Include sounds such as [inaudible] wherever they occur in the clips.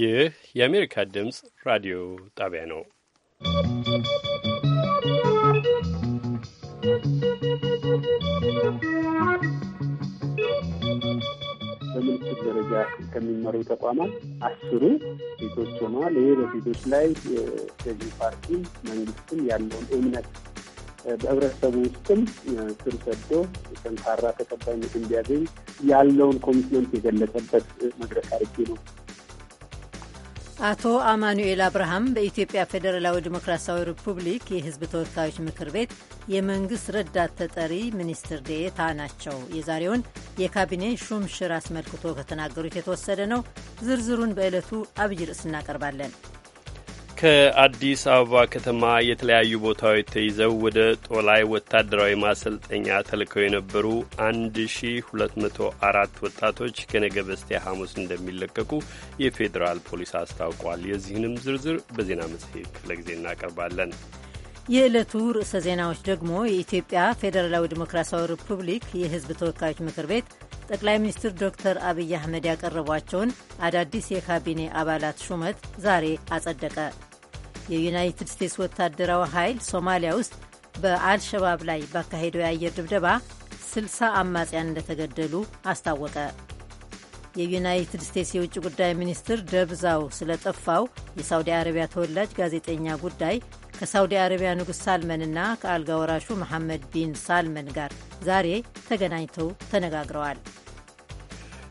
ይህ የአሜሪካ ድምፅ ራዲዮ ጣቢያ ነው። በምልክት ደረጃ ከሚመሩ ተቋማት አስሩ ሴቶች ሆነዋል። ይህ በሴቶች ላይ ገዢ ፓርቲ መንግስትም ያለውን እምነት በህብረተሰቡ ውስጥም ስር ሰዶ ጠንካራ ተቀባይነት እንዲያገኝ ያለውን ኮሚትመንት የገለጸበት መድረክ አድርጌ ነው አቶ አማኑኤል አብርሃም በኢትዮጵያ ፌዴራላዊ ዲሞክራሲያዊ ሪፑብሊክ የሕዝብ ተወካዮች ምክር ቤት የመንግሥት ረዳት ተጠሪ ሚኒስትር ዴታ ናቸው። የዛሬውን የካቢኔ ሹምሽር አስመልክቶ ከተናገሩት የተወሰደ ነው። ዝርዝሩን በዕለቱ አብይ ርዕስ እናቀርባለን። ከአዲስ አበባ ከተማ የተለያዩ ቦታዎች ተይዘው ወደ ጦላይ ወታደራዊ ማሰልጠኛ ተልከው የነበሩ 1204 ወጣቶች ከነገ በስቲያ ሐሙስ እንደሚለቀቁ የፌዴራል ፖሊስ አስታውቋል። የዚህንም ዝርዝር በዜና መጽሔት ክፍለ ጊዜ እናቀርባለን። የዕለቱ ርዕሰ ዜናዎች ደግሞ የኢትዮጵያ ፌዴራላዊ ዴሞክራሲያዊ ሪፑብሊክ የሕዝብ ተወካዮች ምክር ቤት ጠቅላይ ሚኒስትር ዶክተር አብይ አህመድ ያቀረቧቸውን አዳዲስ የካቢኔ አባላት ሹመት ዛሬ አጸደቀ። የዩናይትድ ስቴትስ ወታደራዊ ኃይል ሶማሊያ ውስጥ በአልሸባብ ላይ ባካሄደው የአየር ድብደባ 60 አማጽያን እንደተገደሉ አስታወቀ። የዩናይትድ ስቴትስ የውጭ ጉዳይ ሚኒስትር ደብዛው ስለጠፋው የሳውዲ አረቢያ ተወላጅ ጋዜጠኛ ጉዳይ ከሳውዲ አረቢያ ንጉሥ ሳልመንና ከአልጋ ወራሹ መሐመድ ቢን ሳልመን ጋር ዛሬ ተገናኝተው ተነጋግረዋል።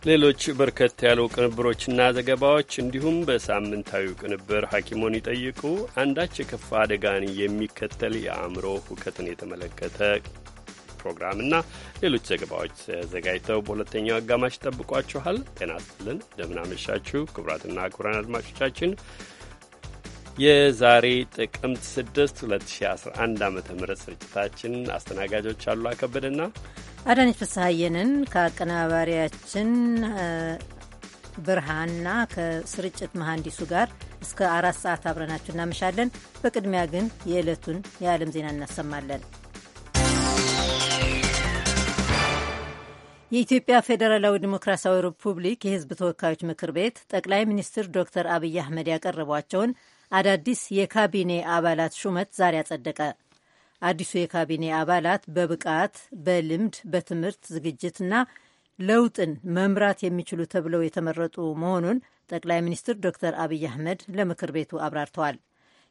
ሌሎች በርከት ያሉ ቅንብሮችና ዘገባዎች እንዲሁም በሳምንታዊ ቅንብር ሐኪሞን ይጠይቁ አንዳች የከፋ አደጋን የሚከተል የአእምሮ ሁከትን የተመለከተ ፕሮግራምና ሌሎች ዘገባዎች ተዘጋጅተው በሁለተኛው አጋማሽ ጠብቋችኋል። ጤና ይስጥልን፣ እንደምናመሻችሁ ክቡራትና ክቡራን አድማጮቻችን የዛሬ ጥቅምት 6 2011 ዓ ም ስርጭታችን አስተናጋጆች አሉ አከበደና አዳነች ፍስሐየንን ከአቀናባሪያችን ብርሃንና ከስርጭት መሐንዲሱ ጋር እስከ አራት ሰዓት አብረናችሁ እናመሻለን። በቅድሚያ ግን የዕለቱን የዓለም ዜና እናሰማለን። የኢትዮጵያ ፌዴራላዊ ዲሞክራሲያዊ ሪፑብሊክ የሕዝብ ተወካዮች ምክር ቤት ጠቅላይ ሚኒስትር ዶክተር አብይ አህመድ ያቀረቧቸውን አዳዲስ የካቢኔ አባላት ሹመት ዛሬ አጸደቀ። አዲሱ የካቢኔ አባላት በብቃት በልምድ በትምህርት ዝግጅትና ለውጥን መምራት የሚችሉ ተብለው የተመረጡ መሆኑን ጠቅላይ ሚኒስትር ዶክተር አብይ አህመድ ለምክር ቤቱ አብራርተዋል።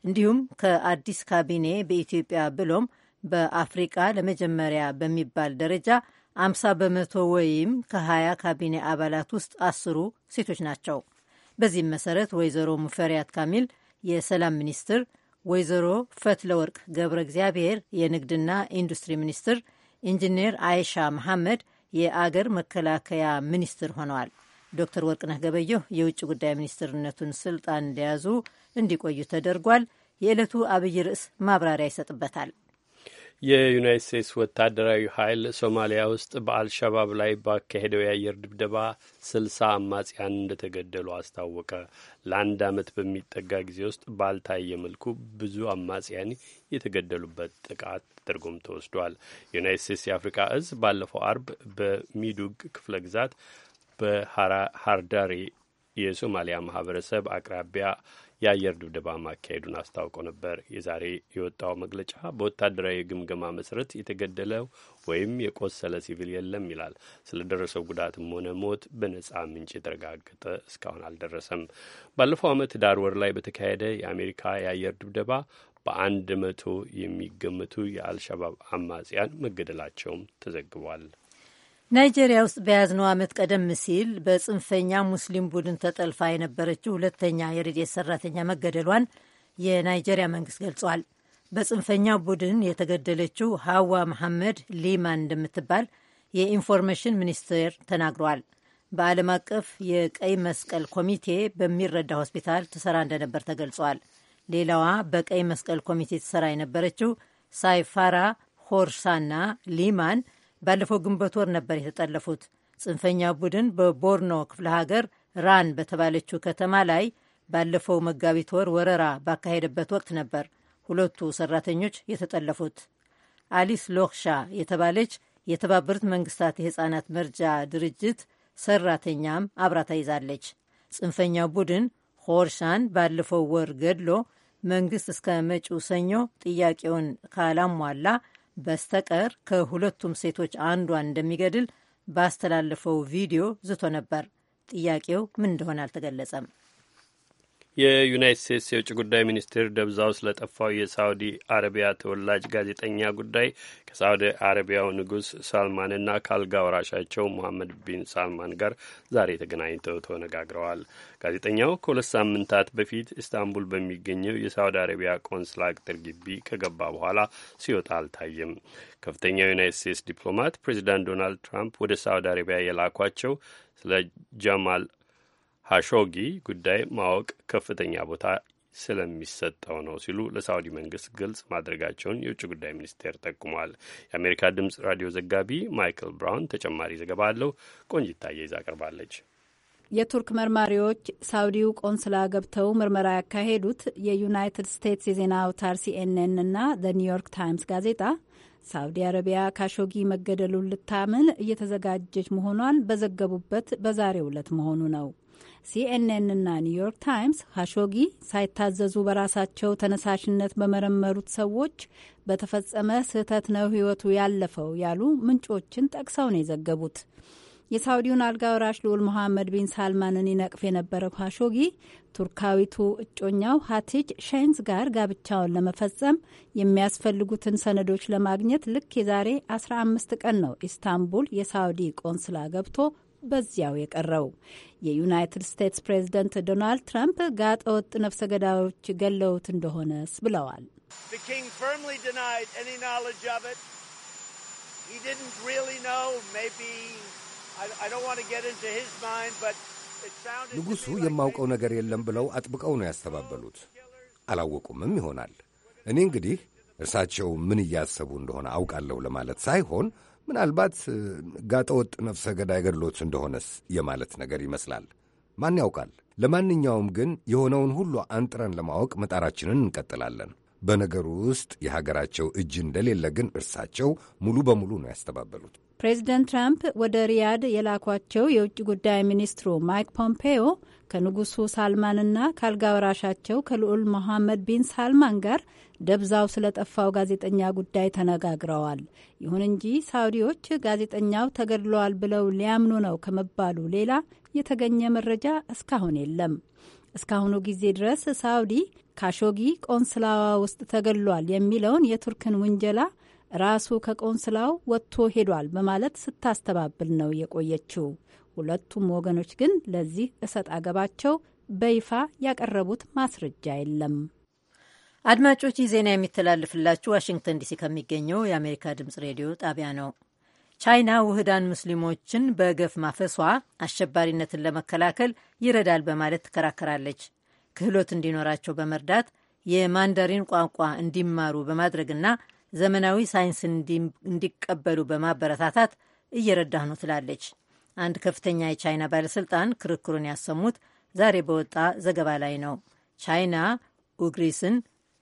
እንዲሁም ከአዲስ ካቢኔ በኢትዮጵያ ብሎም በአፍሪቃ ለመጀመሪያ በሚባል ደረጃ አምሳ በመቶ ወይም ከሀያ ካቢኔ አባላት ውስጥ አስሩ ሴቶች ናቸው። በዚህም መሰረት ወይዘሮ ሙፈሪያት ካሚል የሰላም ሚኒስትር ወይዘሮ ፈትለወርቅ ገብረ እግዚአብሔር የንግድና ኢንዱስትሪ ሚኒስትር፣ ኢንጂነር አይሻ መሐመድ የአገር መከላከያ ሚኒስትር ሆነዋል። ዶክተር ወርቅነህ ገበየሁ የውጭ ጉዳይ ሚኒስትርነቱን ስልጣን እንደያዙ እንዲቆዩ ተደርጓል። የዕለቱ አብይ ርዕስ ማብራሪያ ይሰጥበታል። የዩናይት ስቴትስ ወታደራዊ ኃይል ሶማሊያ ውስጥ በአልሸባብ ላይ ባካሄደው የአየር ድብደባ ስልሳ አማጽያን እንደተገደሉ አስታወቀ። ለአንድ ዓመት በሚጠጋ ጊዜ ውስጥ ባልታየ መልኩ ብዙ አማጽያን የተገደሉበት ጥቃት ተደርጎም ተወስዷል። ዩናይት ስቴትስ የአፍሪካ እዝ ባለፈው አርብ በሚዱግ ክፍለ ግዛት በሃርዳሪ የሶማሊያ ማህበረሰብ አቅራቢያ የአየር ድብደባ ማካሄዱን አስታውቆ ነበር። የዛሬ የወጣው መግለጫ በወታደራዊ ግምገማ መሰረት የተገደለው ወይም የቆሰለ ሲቪል የለም ይላል። ስለደረሰው ጉዳትም ሆነ ሞት በነጻ ምንጭ የተረጋገጠ እስካሁን አልደረሰም። ባለፈው ዓመት ዳር ወር ላይ በተካሄደ የአሜሪካ የአየር ድብደባ በአንድ መቶ የሚገመቱ የአልሸባብ አማጽያን መገደላቸውም ተዘግቧል። ናይጄሪያ ውስጥ በያዝነው ዓመት ቀደም ሲል በጽንፈኛ ሙስሊም ቡድን ተጠልፋ የነበረችው ሁለተኛ የረድኤት ሰራተኛ መገደሏን የናይጄሪያ መንግስት ገልጿል። በጽንፈኛ ቡድን የተገደለችው ሀዋ መሐመድ ሊማን እንደምትባል የኢንፎርሜሽን ሚኒስቴር ተናግረዋል። በዓለም አቀፍ የቀይ መስቀል ኮሚቴ በሚረዳ ሆስፒታል ትሰራ እንደነበር ተገልጿል። ሌላዋ በቀይ መስቀል ኮሚቴ ትሰራ የነበረችው ሳይፋራ ሆርሳና ሊማን ባለፈው ግንቦት ወር ነበር የተጠለፉት። ጽንፈኛ ቡድን በቦርኖ ክፍለ ሀገር ራን በተባለችው ከተማ ላይ ባለፈው መጋቢት ወር ወረራ ባካሄደበት ወቅት ነበር ሁለቱ ሰራተኞች የተጠለፉት። አሊስ ሎክሻ የተባለች የተባበሩት መንግስታት የህፃናት መርጃ ድርጅት ሰራተኛም አብራ ተይዛለች። ጽንፈኛው ቡድን ሆርሻን ባለፈው ወር ገድሎ መንግስት እስከ መጪው ሰኞ ጥያቄውን ካላሟላ በስተቀር ከሁለቱም ሴቶች አንዷን እንደሚገድል ባስተላለፈው ቪዲዮ ዝቶ ነበር። ጥያቄው ምን እንደሆነ አልተገለጸም። የዩናይት ስቴትስ የውጭ ጉዳይ ሚኒስቴር ደብዛው ስለጠፋው የሳውዲ አረቢያ ተወላጅ ጋዜጠኛ ጉዳይ ከሳውዲ አረቢያው ንጉሥ ሳልማንና ከአልጋ ወራሻቸው መሐመድ ቢን ሳልማን ጋር ዛሬ ተገናኝተው ተነጋግረዋል። ጋዜጠኛው ከሁለት ሳምንታት በፊት ኢስታንቡል በሚገኘው የሳውዲ አረቢያ ቆንስላ ቅጥር ግቢ ከገባ በኋላ ሲወጣ አልታየም። ከፍተኛው ዩናይት ስቴትስ ዲፕሎማት ፕሬዚዳንት ዶናልድ ትራምፕ ወደ ሳውዲ አረቢያ የላኳቸው ስለ ጃማል ሀሾጊ ጉዳይ ማወቅ ከፍተኛ ቦታ ስለሚሰጠው ነው ሲሉ ለሳውዲ መንግስት ግልጽ ማድረጋቸውን የውጭ ጉዳይ ሚኒስቴር ጠቁሟል። የአሜሪካ ድምጽ ራዲዮ ዘጋቢ ማይክል ብራውን ተጨማሪ ዘገባ አለው። ቆንጅታ ይዛ ቀርባለች። የቱርክ መርማሪዎች ሳውዲው ቆንስላ ገብተው ምርመራ ያካሄዱት የዩናይትድ ስቴትስ የዜና አውታር ሲኤንኤን እና ኒውዮርክ ታይምስ ጋዜጣ ሳውዲ አረቢያ ካሾጊ መገደሉን ልታምን እየተዘጋጀች መሆኗን በዘገቡበት በዛሬው ዕለት መሆኑ ነው። ሲኤንኤንና ኒውዮርክ ታይምስ ሀሾጊ ሳይታዘዙ በራሳቸው ተነሳሽነት በመረመሩት ሰዎች በተፈጸመ ስህተት ነው ህይወቱ ያለፈው ያሉ ምንጮችን ጠቅሰው ነው የዘገቡት። የሳውዲውን አልጋ ወራሽ ልዑል መሐመድ ቢን ሳልማንን ይነቅፍ የነበረው ሀሾጊ ቱርካዊቱ እጮኛው ሀቲጅ ሸንዝ ጋር ጋብቻውን ለመፈጸም የሚያስፈልጉትን ሰነዶች ለማግኘት ልክ የዛሬ 15 ቀን ነው ኢስታንቡል የሳውዲ ቆንስላ ገብቶ በዚያው የቀረው። የዩናይትድ ስቴትስ ፕሬዝደንት ዶናልድ ትራምፕ ጋጠ ወጥ ነፍሰ ገዳዮች ገለውት እንደሆነስ ብለዋል። ንጉሡ የማውቀው ነገር የለም ብለው አጥብቀው ነው ያስተባበሉት። አላወቁምም ይሆናል። እኔ እንግዲህ እርሳቸው ምን እያሰቡ እንደሆነ አውቃለሁ ለማለት ሳይሆን ምናልባት ጋጠወጥ ነፍሰ ገዳይ ገድሎት እንደሆነስ የማለት ነገር ይመስላል። ማን ያውቃል? ለማንኛውም ግን የሆነውን ሁሉ አንጥረን ለማወቅ መጣራችንን እንቀጥላለን። በነገሩ ውስጥ የሀገራቸው እጅ እንደሌለ ግን እርሳቸው ሙሉ በሙሉ ነው ያስተባበሉት። ፕሬዚደንት ትራምፕ ወደ ሪያድ የላኳቸው የውጭ ጉዳይ ሚኒስትሩ ማይክ ፖምፔዮ ከንጉሱ ሳልማንና ካልጋ ወራሻቸው ከልዑል መሐመድ ቢን ሳልማን ጋር ደብዛው ስለጠፋው ጋዜጠኛ ጉዳይ ተነጋግረዋል። ይሁን እንጂ ሳውዲዎች ጋዜጠኛው ተገድለዋል ብለው ሊያምኑ ነው ከመባሉ ሌላ የተገኘ መረጃ እስካሁን የለም። እስካሁኑ ጊዜ ድረስ ሳውዲ ካሾጊ ቆንስላዋ ውስጥ ተገድሏል የሚለውን የቱርክን ውንጀላ ራሱ ከቆንስላው ወጥቶ ሄዷል በማለት ስታስተባብል ነው የቆየችው። ሁለቱም ወገኖች ግን ለዚህ እሰጥ አገባቸው በይፋ ያቀረቡት ማስረጃ የለም። አድማጮች፣ ይህ ዜና የሚተላልፍላችሁ ዋሽንግተን ዲሲ ከሚገኘው የአሜሪካ ድምጽ ሬዲዮ ጣቢያ ነው። ቻይና ውህዳን ሙስሊሞችን በገፍ ማፈሷ አሸባሪነትን ለመከላከል ይረዳል በማለት ትከራከራለች። ክህሎት እንዲኖራቸው በመርዳት የማንዳሪን ቋንቋ እንዲማሩ በማድረግና ዘመናዊ ሳይንስን እንዲቀበሉ በማበረታታት እየረዳህ ነው ትላለች። አንድ ከፍተኛ የቻይና ባለሥልጣን ክርክሩን ያሰሙት ዛሬ በወጣ ዘገባ ላይ ነው። ቻይና ኡግሪስን፣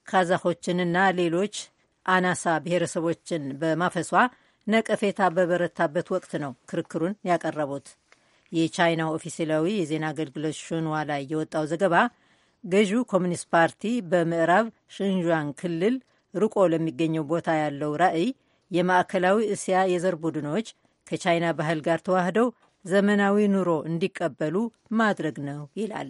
ካዛሆችንና ሌሎች አናሳ ብሔረሰቦችን በማፈሷ ነቀፌታ በበረታበት ወቅት ነው ክርክሩን ያቀረቡት። የቻይናው ኦፊሴላዊ የዜና አገልግሎት ሹንዋ ላይ የወጣው ዘገባ ገዢው ኮሚኒስት ፓርቲ በምዕራብ ሽንዣን ክልል ርቆ ለሚገኘው ቦታ ያለው ራዕይ የማዕከላዊ እስያ የዘር ቡድኖች ከቻይና ባህል ጋር ተዋህደው ዘመናዊ ኑሮ እንዲቀበሉ ማድረግ ነው ይላል።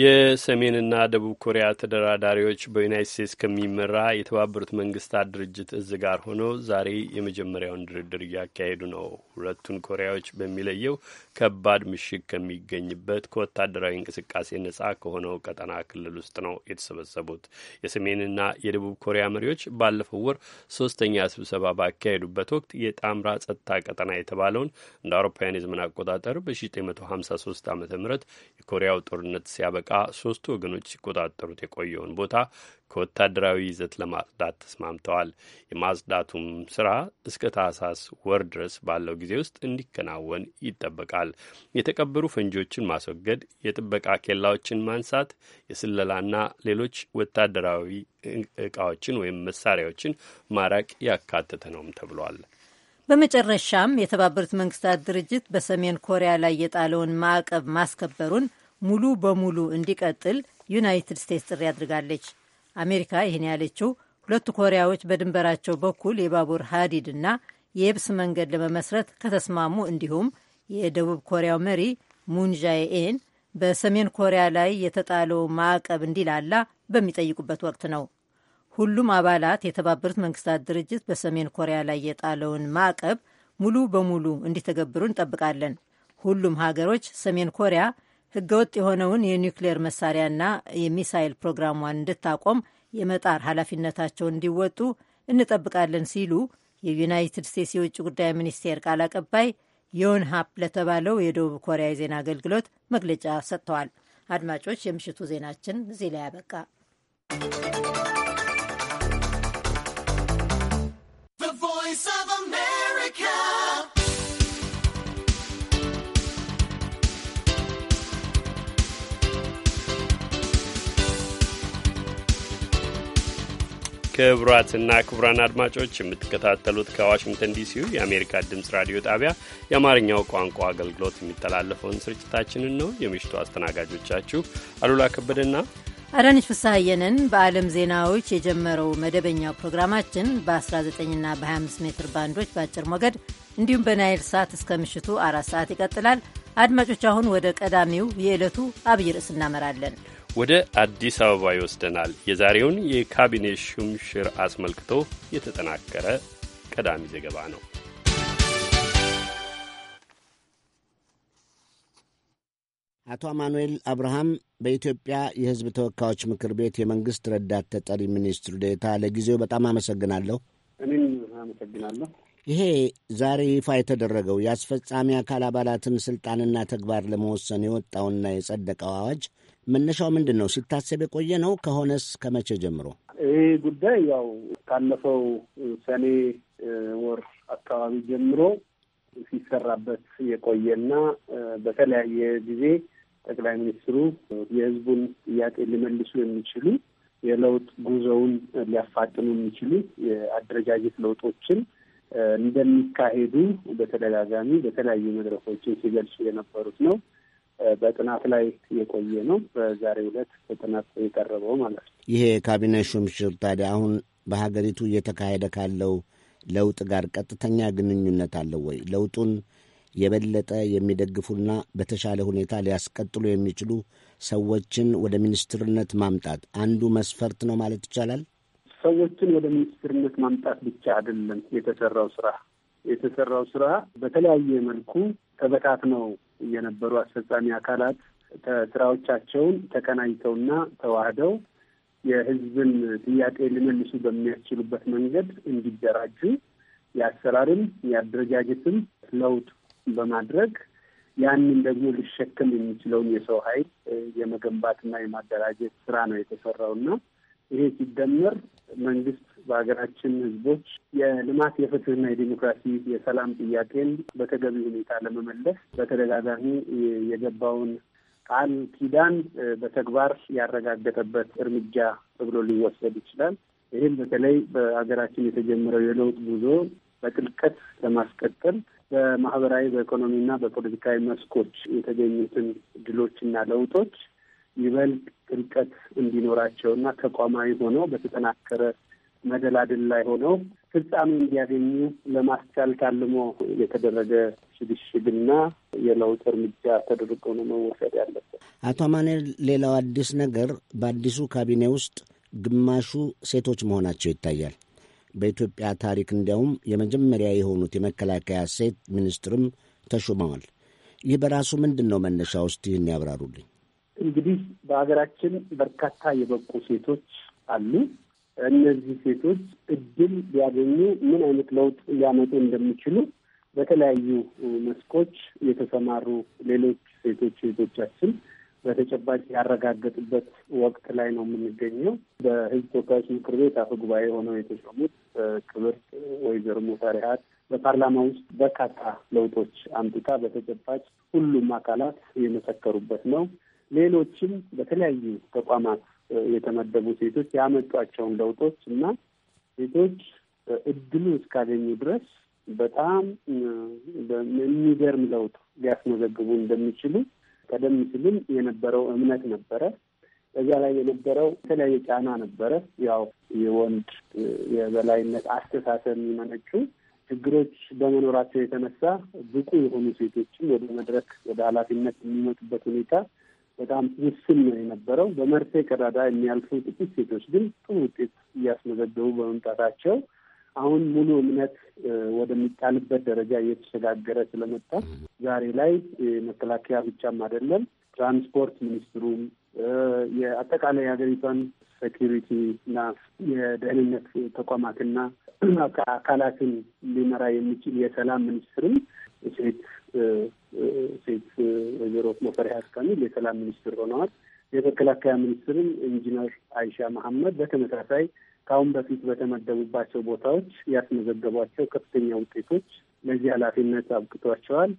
የሰሜንና ደቡብ ኮሪያ ተደራዳሪዎች በዩናይት ስቴትስ ከሚመራ የተባበሩት መንግስታት ድርጅት እዝ ጋር ሆነው ዛሬ የመጀመሪያውን ድርድር እያካሄዱ ነው። ሁለቱን ኮሪያዎች በሚለየው ከባድ ምሽግ ከሚገኝበት ከወታደራዊ እንቅስቃሴ ነጻ ከሆነው ቀጠና ክልል ውስጥ ነው የተሰበሰቡት። የሰሜንና የደቡብ ኮሪያ መሪዎች ባለፈው ወር ሶስተኛ ስብሰባ ባካሄዱበት ወቅት የጣምራ ጸጥታ ቀጠና የተባለውን እንደ አውሮፓውያን የዘመን አቆጣጠር በ1953 ዓ ም የኮሪያው ጦርነት ሲያበቃ ሶስቱ ወገኖች ሲቆጣጠሩት የቆየውን ቦታ ከወታደራዊ ይዘት ለማጽዳት ተስማምተዋል። የማጽዳቱም ስራ እስከ ታህሳስ ወር ድረስ ባለው ጊዜ ውስጥ እንዲከናወን ይጠበቃል። የተቀበሩ ፈንጂዎችን ማስወገድ፣ የጥበቃ ኬላዎችን ማንሳት፣ የስለላና ሌሎች ወታደራዊ እቃዎችን ወይም መሳሪያዎችን ማራቅ ያካተተ ነውም ተብሏል። በመጨረሻም የተባበሩት መንግስታት ድርጅት በሰሜን ኮሪያ ላይ የጣለውን ማዕቀብ ማስከበሩን ሙሉ በሙሉ እንዲቀጥል ዩናይትድ ስቴትስ ጥሪ አድርጋለች። አሜሪካ ይህን ያለችው ሁለቱ ኮሪያዎች በድንበራቸው በኩል የባቡር ሀዲድ ና የየብስ መንገድ ለመመስረት ከተስማሙ እንዲሁም የደቡብ ኮሪያው መሪ ሙንጃኤን በሰሜን ኮሪያ ላይ የተጣለው ማዕቀብ እንዲላላ በሚጠይቁበት ወቅት ነው። ሁሉም አባላት የተባበሩት መንግስታት ድርጅት በሰሜን ኮሪያ ላይ የጣለውን ማዕቀብ ሙሉ በሙሉ እንዲተገብሩ እንጠብቃለን። ሁሉም ሀገሮች ሰሜን ኮሪያ ህገወጥ የሆነውን የኒውክሌር መሳሪያና የሚሳይል ፕሮግራሟን እንድታቆም የመጣር ኃላፊነታቸውን እንዲወጡ እንጠብቃለን ሲሉ የዩናይትድ ስቴትስ የውጭ ጉዳይ ሚኒስቴር ቃል አቀባይ ዮን ሀፕ ለተባለው የደቡብ ኮሪያ የዜና አገልግሎት መግለጫ ሰጥተዋል። አድማጮች፣ የምሽቱ ዜናችን እዚህ ላይ ያበቃ። ክቡራትና ክቡራን አድማጮች የምትከታተሉት ከዋሽንግተን ዲሲው የአሜሪካ ድምፅ ራዲዮ ጣቢያ የአማርኛው ቋንቋ አገልግሎት የሚተላለፈውን ስርጭታችንን ነው። የምሽቱ አስተናጋጆቻችሁ አሉላ ከበደና አዳነች ፍስሐየንን። በዓለም ዜናዎች የጀመረው መደበኛው ፕሮግራማችን በ19ና በ25 ሜትር ባንዶች በአጭር ሞገድ እንዲሁም በናይል ሰዓት እስከ ምሽቱ አራት ሰዓት ይቀጥላል። አድማጮች አሁን ወደ ቀዳሚው የዕለቱ አብይ ርዕስ እናመራለን። ወደ አዲስ አበባ ይወስደናል። የዛሬውን የካቢኔ ሹምሽር አስመልክቶ የተጠናከረ ቀዳሚ ዘገባ ነው። አቶ አማኑኤል አብርሃም በኢትዮጵያ የሕዝብ ተወካዮች ምክር ቤት የመንግሥት ረዳት ተጠሪ ሚኒስትር ዴታ፣ ለጊዜው በጣም አመሰግናለሁ። እኔም አመሰግናለሁ። ይሄ ዛሬ ይፋ የተደረገው የአስፈጻሚ አካል አባላትን ስልጣንና ተግባር ለመወሰን የወጣውና የጸደቀው አዋጅ መነሻው ምንድን ነው? ሲታሰብ የቆየ ነው ከሆነስ ከመቼ ጀምሮ? ይህ ጉዳይ ያው ካለፈው ሰኔ ወር አካባቢ ጀምሮ ሲሰራበት የቆየና በተለያየ ጊዜ ጠቅላይ ሚኒስትሩ የሕዝቡን ጥያቄ ሊመልሱ የሚችሉ የለውጥ ጉዞውን ሊያፋጥኑ የሚችሉ የአደረጃጀት ለውጦችን እንደሚካሄዱ በተደጋጋሚ በተለያዩ መድረኮችን ሲገልጹ የነበሩት ነው። በጥናት ላይ የቆየ ነው። በዛሬው ዕለት በጥናት የቀረበው ማለት ነው። ይሄ የካቢኔ ሹምሽር ታዲያ አሁን በሀገሪቱ እየተካሄደ ካለው ለውጥ ጋር ቀጥተኛ ግንኙነት አለው ወይ? ለውጡን የበለጠ የሚደግፉና በተሻለ ሁኔታ ሊያስቀጥሉ የሚችሉ ሰዎችን ወደ ሚኒስትርነት ማምጣት አንዱ መስፈርት ነው ማለት ይቻላል። ሰዎችን ወደ ሚኒስትርነት ማምጣት ብቻ አይደለም የተሰራው ስራ የተሰራው ስራ በተለያየ መልኩ ተበታትነው የነበሩ አስፈጻሚ አካላት ስራዎቻቸውን ተቀናጅተውና ተዋህደው የህዝብን ጥያቄ ሊመልሱ በሚያስችሉበት መንገድ እንዲደራጁ የአሰራርም የአደረጃጀትም ለውጥ በማድረግ ያንን ደግሞ ሊሸከም የሚችለውን የሰው ኃይል የመገንባትና የማደራጀት ስራ ነው የተሰራውና ይሄ ሲደመር መንግስት በሀገራችን ህዝቦች የልማት የፍትህና የዲሞክራሲ የሰላም ጥያቄን በተገቢ ሁኔታ ለመመለስ በተደጋጋሚ የገባውን ቃል ኪዳን በተግባር ያረጋገጠበት እርምጃ ተብሎ ሊወሰድ ይችላል። ይህም በተለይ በሀገራችን የተጀመረው የለውጥ ጉዞ በጥልቀት ለማስቀጠል በማህበራዊ፣ በኢኮኖሚና በፖለቲካዊ መስኮች የተገኙትን ድሎችና ለውጦች ይበልጥ ጥልቀት እና ተቋማዊ ሆነው በተጠናከረ መደላድል ላይ ሆነው ፍጻሜ እንዲያገኙ ለማስቻል ታልሞ የተደረገ ሽግሽግና የለውጥ እርምጃ ተደርጎ ነው መወሰድ ያለበት። አቶ አማኔል፣ ሌላው አዲስ ነገር በአዲሱ ካቢኔ ውስጥ ግማሹ ሴቶች መሆናቸው ይታያል። በኢትዮጵያ ታሪክ እንዲያውም የመጀመሪያ የሆኑት የመከላከያ ሴት ሚኒስትርም ተሹመዋል። ይህ በራሱ ምንድን ነው መነሻ ውስጥ ይህን ያብራሩልኝ። እንግዲህ በሀገራችን በርካታ የበቁ ሴቶች አሉ። እነዚህ ሴቶች እድል ሊያገኙ ምን አይነት ለውጥ ሊያመጡ እንደሚችሉ በተለያዩ መስኮች የተሰማሩ ሌሎች ሴቶች ሴቶቻችን በተጨባጭ ያረጋገጡበት ወቅት ላይ ነው የምንገኘው። በሕዝብ ተወካዮች ምክር ቤት አፈ ጉባኤ ሆነው የተሾሙት ክብር ወይዘሮ ሙፈሪሃት በፓርላማ ውስጥ በርካታ ለውጦች አምጥታ በተጨባጭ ሁሉም አካላት የመሰከሩበት ነው። ሌሎችም በተለያዩ ተቋማት የተመደቡ ሴቶች ያመጧቸውን ለውጦች እና ሴቶች እድሉ እስካገኙ ድረስ በጣም የሚገርም ለውጥ ሊያስመዘግቡ እንደሚችሉ ቀደም ሲልም የነበረው እምነት ነበረ። በዚያ ላይ የነበረው የተለያየ ጫና ነበረ። ያው የወንድ የበላይነት አስተሳሰብ የሚመነጩ ችግሮች በመኖራቸው የተነሳ ብቁ የሆኑ ሴቶችም ወደ መድረክ ወደ ኃላፊነት የሚመጡበት ሁኔታ በጣም ውስን ነው የነበረው። በመርፌ ቀዳዳ የሚያልፉ ጥቂት ሴቶች ግን ጥሩ ውጤት እያስመዘገቡ በመምጣታቸው አሁን ሙሉ እምነት ወደሚጣልበት ደረጃ እየተሸጋገረ ስለመጣ ዛሬ ላይ መከላከያ ብቻም አይደለም ትራንስፖርት ሚኒስትሩም የአጠቃላይ ሀገሪቷን ሴኪሪቲ እና የደህንነት ተቋማትና አካላትን ሊመራ የሚችል የሰላም ሚኒስትርም ሴት ሴት ወይዘሮ ሙፈሪያት ካሚል የሰላም ሚኒስትር ሆነዋል። የመከላከያ ሚኒስትርም ኢንጂነር አይሻ መሐመድ በተመሳሳይ ከአሁን በፊት በተመደቡባቸው ቦታዎች ያስመዘገቧቸው ከፍተኛ ውጤቶች ለዚህ ኃላፊነት አብቅቷቸዋል።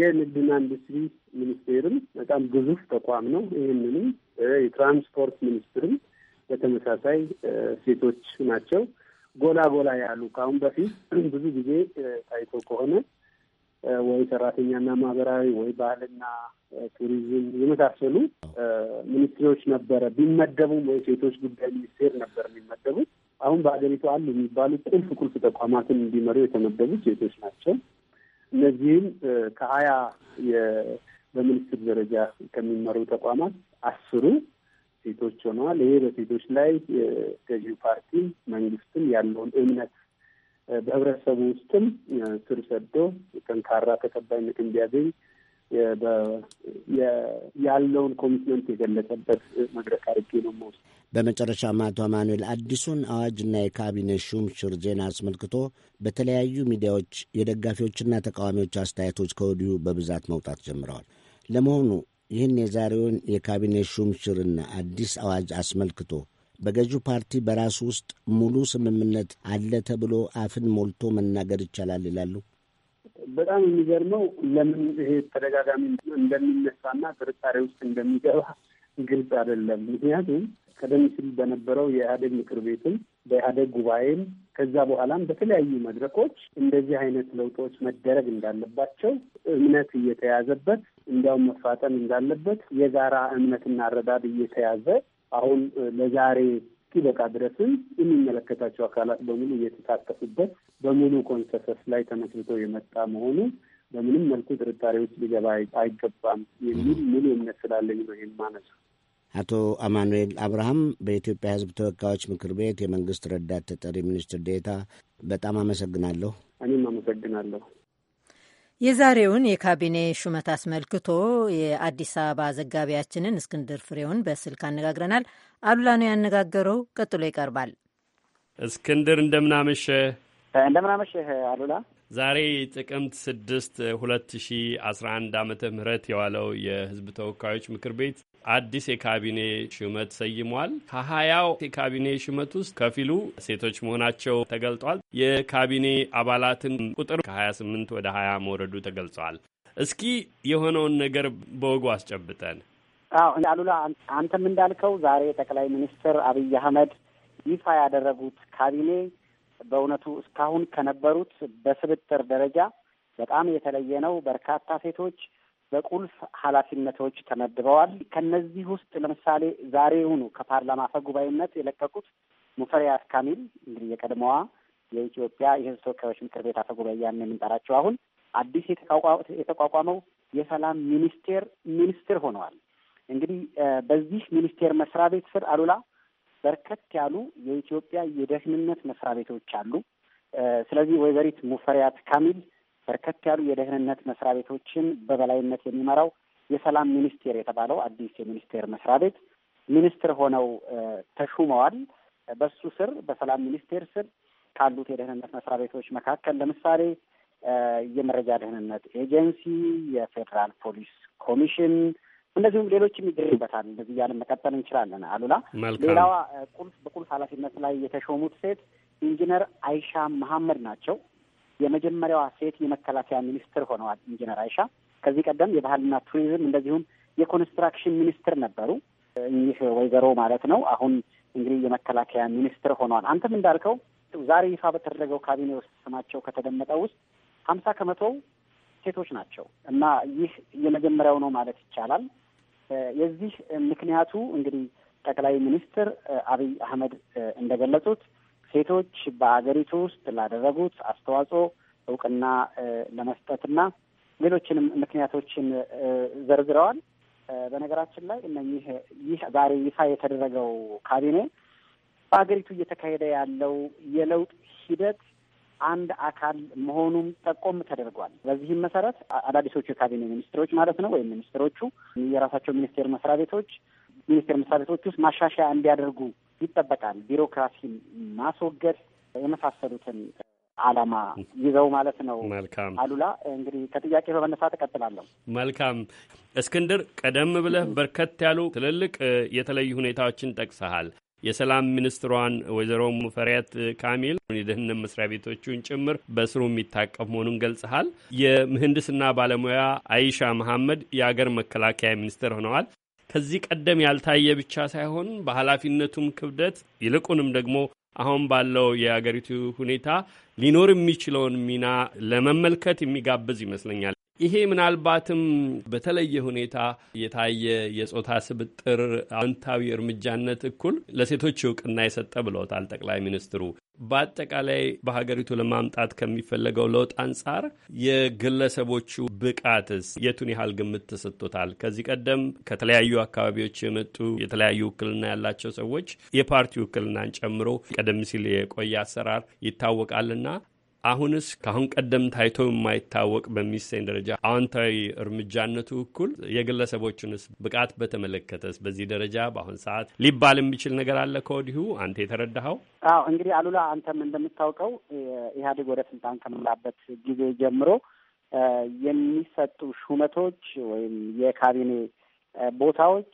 የንግድና ኢንዱስትሪ ሚኒስቴርም በጣም ግዙፍ ተቋም ነው። ይህንንም የትራንስፖርት ሚኒስትርም በተመሳሳይ ሴቶች ናቸው። ጎላ ጎላ ያሉ ከአሁን በፊት [clears throat] ብዙ ጊዜ ታይቶ ከሆነ ወይ ሰራተኛና ማህበራዊ ወይ ባህልና ቱሪዝም የመሳሰሉ ሚኒስትሪዎች ነበረ ቢመደቡም ወይ ሴቶች ጉዳይ ሚኒስቴር ነበር የሚመደቡት። አሁን በሀገሪቱ አሉ የሚባሉ ቁልፍ ቁልፍ ተቋማትን እንዲመሩ የተመደቡት ሴቶች ናቸው። እነዚህም ከሀያ በሚኒስትር ደረጃ ከሚመሩ ተቋማት አስሩ ሴቶች ሆነዋል። ይሄ በሴቶች ላይ ገዢው ፓርቲ መንግስትም ያለውን እምነት በህብረተሰቡ ውስጥም ስር ሰዶ ጠንካራ ተቀባይነት እንዲያገኝ ያለውን ኮሚትመንት የገለጸበት መድረክ አድርጌ ነው መውሰድ። በመጨረሻ አቶ አማኑኤል አዲሱን አዋጅና የካቢኔ ሹምሽር ዜና አስመልክቶ በተለያዩ ሚዲያዎች የደጋፊዎችና ተቃዋሚዎች አስተያየቶች ከወዲሁ በብዛት መውጣት ጀምረዋል። ለመሆኑ ይህን የዛሬውን የካቢኔ ሹምሽርና አዲስ አዋጅ አስመልክቶ በገዢው ፓርቲ በራሱ ውስጥ ሙሉ ስምምነት አለ ተብሎ አፍን ሞልቶ መናገር ይቻላል ይላሉ። በጣም የሚገርመው ለምን ይሄ ተደጋጋሚ እንደሚነሳና ጥርጣሬ ውስጥ እንደሚገባ ግልጽ አይደለም። ምክንያቱም ቀደም ሲል በነበረው የኢህአዴግ ምክር ቤትም በኢህአዴግ ጉባኤም ከዛ በኋላም በተለያዩ መድረኮች እንደዚህ አይነት ለውጦች መደረግ እንዳለባቸው እምነት እየተያዘበት እንዲያውም መፋጠን እንዳለበት የጋራ እምነትና አረዳድ እየተያዘ አሁን ለዛሬ እስኪበቃ ድረስም የሚመለከታቸው አካላት በሙሉ እየተሳተፉበት በሙሉ ኮንሰንሰስ ላይ ተመስርቶ የመጣ መሆኑ በምንም መልኩ ጥርጣሬ ውስጥ ሊገባ አይገባም የሚል ሙሉ እምነት ስላለኝ ነው ይህን አቶ አማኑኤል አብርሃም በኢትዮጵያ ሕዝብ ተወካዮች ምክር ቤት የመንግስት ረዳት ተጠሪ ሚኒስትር ዴታ፣ በጣም አመሰግናለሁ። እኔም አመሰግናለሁ። የዛሬውን የካቢኔ ሹመት አስመልክቶ የአዲስ አበባ ዘጋቢያችንን እስክንድር ፍሬውን በስልክ አነጋግረናል። አሉላ ነው ያነጋገረው። ቀጥሎ ይቀርባል። እስክንድር እንደምናመሸ እንደምናመሸህ አሉላ ዛሬ ጥቅምት 6 2011 ዓ ም የዋለው የህዝብ ተወካዮች ምክር ቤት አዲስ የካቢኔ ሹመት ሰይሟል። ከሀያው የካቢኔ ሹመት ውስጥ ከፊሉ ሴቶች መሆናቸው ተገልጧል። የካቢኔ አባላትን ቁጥር ከ28 ወደ 20 መውረዱ ተገልጿል። እስኪ የሆነውን ነገር በወጉ አስጨብጠን። አዎ አሉላ፣ አንተም እንዳልከው ዛሬ ጠቅላይ ሚኒስትር አብይ አህመድ ይፋ ያደረጉት ካቢኔ በእውነቱ እስካሁን ከነበሩት በስብጥር ደረጃ በጣም የተለየ ነው። በርካታ ሴቶች በቁልፍ ኃላፊነቶች ተመድበዋል። ከነዚህ ውስጥ ለምሳሌ ዛሬውኑ ከፓርላማ አፈ ጉባኤነት የለቀቁት ሙፈሪያት ካሚል እንግዲህ የቀድሞዋ የኢትዮጵያ የሕዝብ ተወካዮች ምክር ቤት አፈ ጉባኤ ያን የምንጠራቸው አሁን አዲስ የተቋቋመው የሰላም ሚኒስቴር ሚኒስትር ሆነዋል። እንግዲህ በዚህ ሚኒስቴር መስሪያ ቤት ስር አሉላ በርከት ያሉ የኢትዮጵያ የደህንነት መስሪያ ቤቶች አሉ። ስለዚህ ወይዘሪት ሙፈሪያት ካሚል በርከት ያሉ የደህንነት መስሪያ ቤቶችን በበላይነት የሚመራው የሰላም ሚኒስቴር የተባለው አዲስ የሚኒስቴር መስሪያ ቤት ሚኒስትር ሆነው ተሹመዋል። በሱ ስር በሰላም ሚኒስቴር ስር ካሉት የደህንነት መስሪያ ቤቶች መካከል ለምሳሌ የመረጃ ደህንነት ኤጀንሲ፣ የፌዴራል ፖሊስ ኮሚሽን፣ እንደዚሁም ሌሎችም ይገኙበታል። እንደዚህ እያለን መቀጠል እንችላለን። አሉላ ሌላዋ ቁልፍ በቁልፍ ኃላፊነት ላይ የተሾሙት ሴት ኢንጂነር አይሻ መሐመድ ናቸው። የመጀመሪያዋ ሴት የመከላከያ ሚኒስትር ሆነዋል። ኢንጂነር አይሻ ከዚህ ቀደም የባህልና ቱሪዝም እንደዚሁም የኮንስትራክሽን ሚኒስትር ነበሩ። ይህ ወይዘሮ ማለት ነው። አሁን እንግዲህ የመከላከያ ሚኒስትር ሆነዋል። አንተም እንዳልከው ዛሬ ይፋ በተደረገው ካቢኔ ውስጥ ስማቸው ከተደመጠ ውስጥ ሀምሳ ከመቶ ሴቶች ናቸው እና ይህ የመጀመሪያው ነው ማለት ይቻላል። የዚህ ምክንያቱ እንግዲህ ጠቅላይ ሚኒስትር አብይ አህመድ እንደገለጹት ሴቶች በአገሪቱ ውስጥ ላደረጉት አስተዋጽኦ እውቅና ለመስጠትና ሌሎችንም ምክንያቶችን ዘርዝረዋል። በነገራችን ላይ እነኚህ ይህ ዛሬ ይፋ የተደረገው ካቢኔ በሀገሪቱ እየተካሄደ ያለው የለውጥ ሂደት አንድ አካል መሆኑም ጠቆም ተደርጓል። በዚህም መሰረት አዳዲሶቹ የካቢኔ ሚኒስትሮች ማለት ነው ወይም ሚኒስትሮቹ የራሳቸው ሚኒስቴር መስሪያ ቤቶች ሚኒስቴር መስሪያ ቤቶች ውስጥ ማሻሻያ እንዲያደርጉ ይጠበቃል። ቢሮክራሲን ማስወገድ የመሳሰሉትን ዓላማ ይዘው ማለት ነው። መልካም አሉላ፣ እንግዲህ ከጥያቄ በመነሳት እቀጥላለሁ። መልካም እስክንድር፣ ቀደም ብለህ በርከት ያሉ ትልልቅ የተለዩ ሁኔታዎችን ጠቅሰሃል። የሰላም ሚኒስትሯን ወይዘሮ ሙፈሪያት ካሚል የደህንነት መስሪያ ቤቶቹን ጭምር በስሩ የሚታቀፍ መሆኑን ገልጸሃል። የምህንድስና ባለሙያ አይሻ መሐመድ የአገር መከላከያ ሚኒስትር ሆነዋል። ከዚህ ቀደም ያልታየ ብቻ ሳይሆን በኃላፊነቱም ክብደት ይልቁንም ደግሞ አሁን ባለው የአገሪቱ ሁኔታ ሊኖር የሚችለውን ሚና ለመመልከት የሚጋብዝ ይመስለኛል። ይሄ ምናልባትም በተለየ ሁኔታ የታየ የጾታ ስብጥር አዎንታዊ እርምጃነት እኩል ለሴቶች እውቅና የሰጠ ብለውታል ጠቅላይ ሚኒስትሩ። በአጠቃላይ በሀገሪቱ ለማምጣት ከሚፈለገው ለውጥ አንጻር የግለሰቦቹ ብቃትስ የቱን ያህል ግምት ተሰጥቶታል? ከዚህ ቀደም ከተለያዩ አካባቢዎች የመጡ የተለያዩ ውክልና ያላቸው ሰዎች የፓርቲ ውክልናን ጨምሮ ቀደም ሲል የቆየ አሰራር ይታወቃልና አሁንስ ከአሁን ቀደም ታይቶ የማይታወቅ በሚሰኝ ደረጃ አዎንታዊ እርምጃነቱ እኩል የግለሰቦቹንስ ብቃት በተመለከተስ በዚህ ደረጃ በአሁን ሰዓት ሊባል የሚችል ነገር አለ ከወዲሁ አንተ የተረዳኸው? አዎ እንግዲህ አሉላ፣ አንተም እንደምታውቀው ኢህአዴግ ወደ ስልጣን ከመላበት ጊዜ ጀምሮ የሚሰጡ ሹመቶች ወይም የካቢኔ ቦታዎች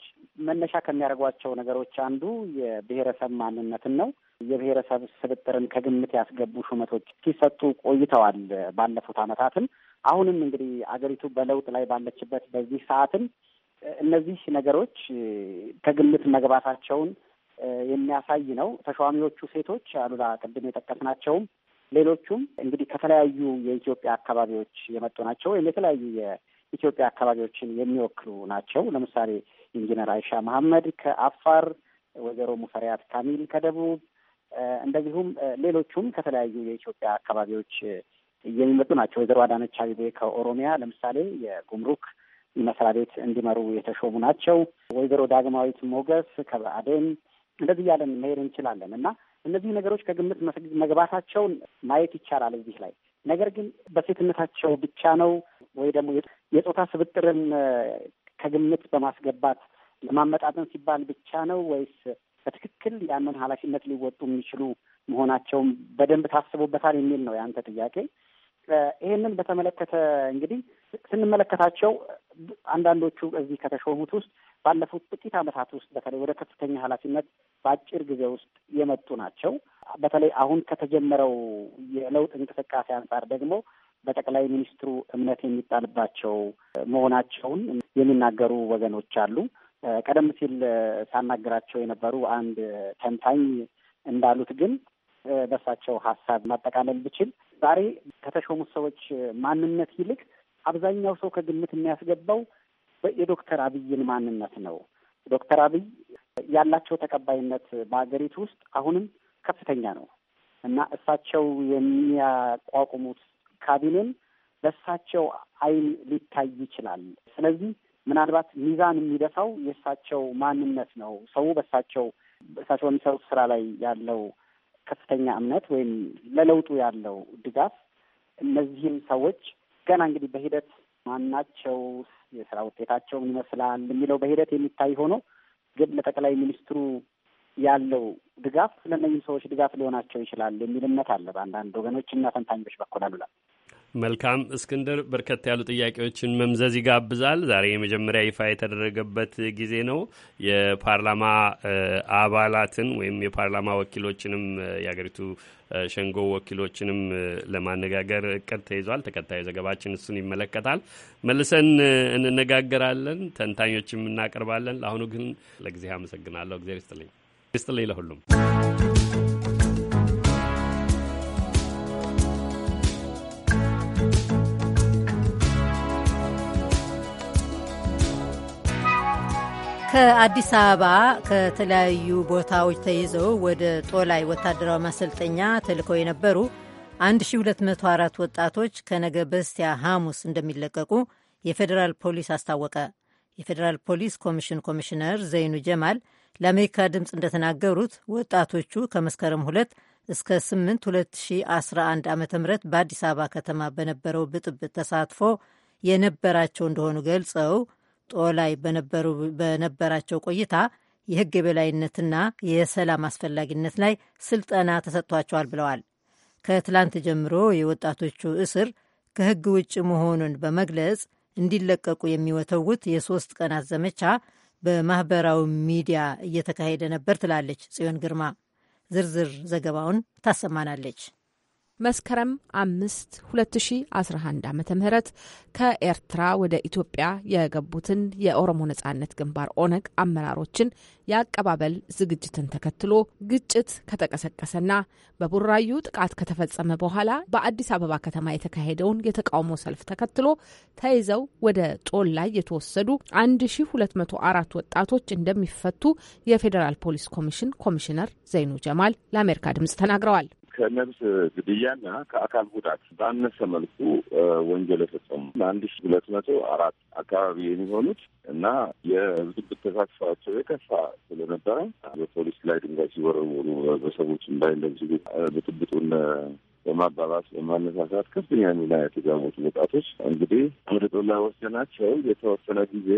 መነሻ ከሚያደርጓቸው ነገሮች አንዱ የብሔረሰብ ማንነትን ነው። የብሔረሰብ ስብጥርን ከግምት ያስገቡ ሹመቶች ሲሰጡ ቆይተዋል ባለፉት አመታትም። አሁንም እንግዲህ አገሪቱ በለውጥ ላይ ባለችበት በዚህ ሰዓትም እነዚህ ነገሮች ከግምት መግባታቸውን የሚያሳይ ነው። ተሿሚዎቹ ሴቶች አሉላ ቅድም የጠቀስናቸውም ሌሎቹም እንግዲህ ከተለያዩ የኢትዮጵያ አካባቢዎች የመጡ ናቸው ወይም የተለያዩ የኢትዮጵያ አካባቢዎችን የሚወክሉ ናቸው። ለምሳሌ ኢንጂነር አይሻ መሐመድ ከአፋር፣ ወይዘሮ ሙፈሪያት ካሚል ከደቡብ፣ እንደዚሁም ሌሎቹም ከተለያዩ የኢትዮጵያ አካባቢዎች የሚመጡ ናቸው። ወይዘሮ አዳነች አቤቤ ከኦሮሚያ ለምሳሌ የጉምሩክ መስሪያ ቤት እንዲመሩ የተሾሙ ናቸው። ወይዘሮ ዳግማዊት ሞገስ ከብአዴን እንደዚህ እያለን መሄድ እንችላለን እና እነዚህ ነገሮች ከግምት መግባታቸውን ማየት ይቻላል እዚህ ላይ። ነገር ግን በሴትነታቸው ብቻ ነው ወይ ደግሞ የጾታ ስብጥርን ከግምት በማስገባት ለማመጣጠን ሲባል ብቻ ነው ወይስ በትክክል ያንን ኃላፊነት ሊወጡ የሚችሉ መሆናቸውም በደንብ ታስቦበታል የሚል ነው የአንተ ጥያቄ። ይህንን በተመለከተ እንግዲህ ስንመለከታቸው አንዳንዶቹ እዚህ ከተሾሙት ውስጥ ባለፉት ጥቂት ዓመታት ውስጥ በተለይ ወደ ከፍተኛ ኃላፊነት በአጭር ጊዜ ውስጥ የመጡ ናቸው። በተለይ አሁን ከተጀመረው የለውጥ እንቅስቃሴ አንጻር ደግሞ በጠቅላይ ሚኒስትሩ እምነት የሚጣልባቸው መሆናቸውን የሚናገሩ ወገኖች አሉ። ቀደም ሲል ሳናግራቸው የነበሩ አንድ ተንታኝ እንዳሉት ግን በእሳቸው ሀሳብ ማጠቃለል ብችል ዛሬ ከተሾሙት ሰዎች ማንነት ይልቅ አብዛኛው ሰው ከግምት የሚያስገባው የዶክተር አብይን ማንነት ነው። ዶክተር አብይ ያላቸው ተቀባይነት በሀገሪቱ ውስጥ አሁንም ከፍተኛ ነው እና እሳቸው የሚያቋቁሙት ካቢኔም በእሳቸው አይን ሊታይ ይችላል። ስለዚህ ምናልባት ሚዛን የሚደፋው የእሳቸው ማንነት ነው። ሰው በእሳቸው እሳቸው በሚሰሩት ስራ ላይ ያለው ከፍተኛ እምነት ወይም ለለውጡ ያለው ድጋፍ እነዚህም ሰዎች ገና እንግዲህ በሂደት ማናቸው የስራ ውጤታቸውን ይመስላል የሚለው በሂደት የሚታይ ሆኖ ግን ለጠቅላይ ሚኒስትሩ ያለው ድጋፍ ለእነኝም ሰዎች ድጋፍ ሊሆናቸው ይችላል የሚል እምነት አለ በአንዳንድ ወገኖች እና ተንታኞች በኩል አሉላል መልካም እስክንድር፣ በርከት ያሉ ጥያቄዎችን መምዘዝ ይጋብዛል። ዛሬ የመጀመሪያ ይፋ የተደረገበት ጊዜ ነው። የፓርላማ አባላትን ወይም የፓርላማ ወኪሎችንም የአገሪቱ ሸንጎ ወኪሎችንም ለማነጋገር እቅድ ተይዟል። ተከታዩ ዘገባችን እሱን ይመለከታል። መልሰን እንነጋገራለን፣ ተንታኞችም እናቀርባለን። ለአሁኑ ግን ለጊዜ አመሰግናለሁ። እግዜር ይስጥልኝ። ይስጥልኝ ይስጥልኝ ለሁሉም ከአዲስ አበባ ከተለያዩ ቦታዎች ተይዘው ወደ ጦላይ ወታደራዊ ማሰልጠኛ ተልከው የነበሩ 1204 ወጣቶች ከነገ በስቲያ ሐሙስ እንደሚለቀቁ የፌዴራል ፖሊስ አስታወቀ። የፌዴራል ፖሊስ ኮሚሽን ኮሚሽነር ዘይኑ ጀማል ለአሜሪካ ድምፅ እንደተናገሩት ወጣቶቹ ከመስከረም 2 እስከ 8 2011 ዓ ም በአዲስ አበባ ከተማ በነበረው ብጥብጥ ተሳትፎ የነበራቸው እንደሆኑ ገልጸው ወጥጦ ላይ በነበራቸው ቆይታ የህግ የበላይነትና የሰላም አስፈላጊነት ላይ ስልጠና ተሰጥቷቸዋል ብለዋል። ከትላንት ጀምሮ የወጣቶቹ እስር ከህግ ውጭ መሆኑን በመግለጽ እንዲለቀቁ የሚወተውት የሶስት ቀናት ዘመቻ በማኅበራዊ ሚዲያ እየተካሄደ ነበር ትላለች ጽዮን ግርማ። ዝርዝር ዘገባውን ታሰማናለች። መስከረም 5 ሁለት ዓ ም ከኤርትራ ወደ ኢትዮጵያ የገቡትን የኦሮሞ ነጻነት ግንባር ኦነግ አመራሮችን የአቀባበል ዝግጅትን ተከትሎ ግጭት ከተቀሰቀሰና በቡራዩ ጥቃት ከተፈጸመ በኋላ በአዲስ አበባ ከተማ የተካሄደውን የተቃውሞ ሰልፍ ተከትሎ ተይዘው ወደ ጦል ላይ የተወሰዱ 1204 ወጣቶች እንደሚፈቱ የፌዴራል ፖሊስ ኮሚሽን ኮሚሽነር ዘይኑ ጀማል ለአሜሪካ ድምጽ ተናግረዋል። ከነብስ ግድያና ከአካል ጉዳት ባነሰ መልኩ ወንጀል የፈጸሙ አንድ ሺ ሁለት መቶ አራት አካባቢ የሚሆኑት እና የብጥብጥ ተሳትፏቸው የከፋ ስለነበረ በፖሊስ ላይ ድንጋይ ሲወረወሩ በሰዎች ላይ እንደዚህ ብጥብጡን የማባባስ የማነሳሳት ከፍተኛ ሚና የተጫወቱ ወጣቶች እንግዲህ አምርጦና ወሰናቸው የተወሰነ ጊዜ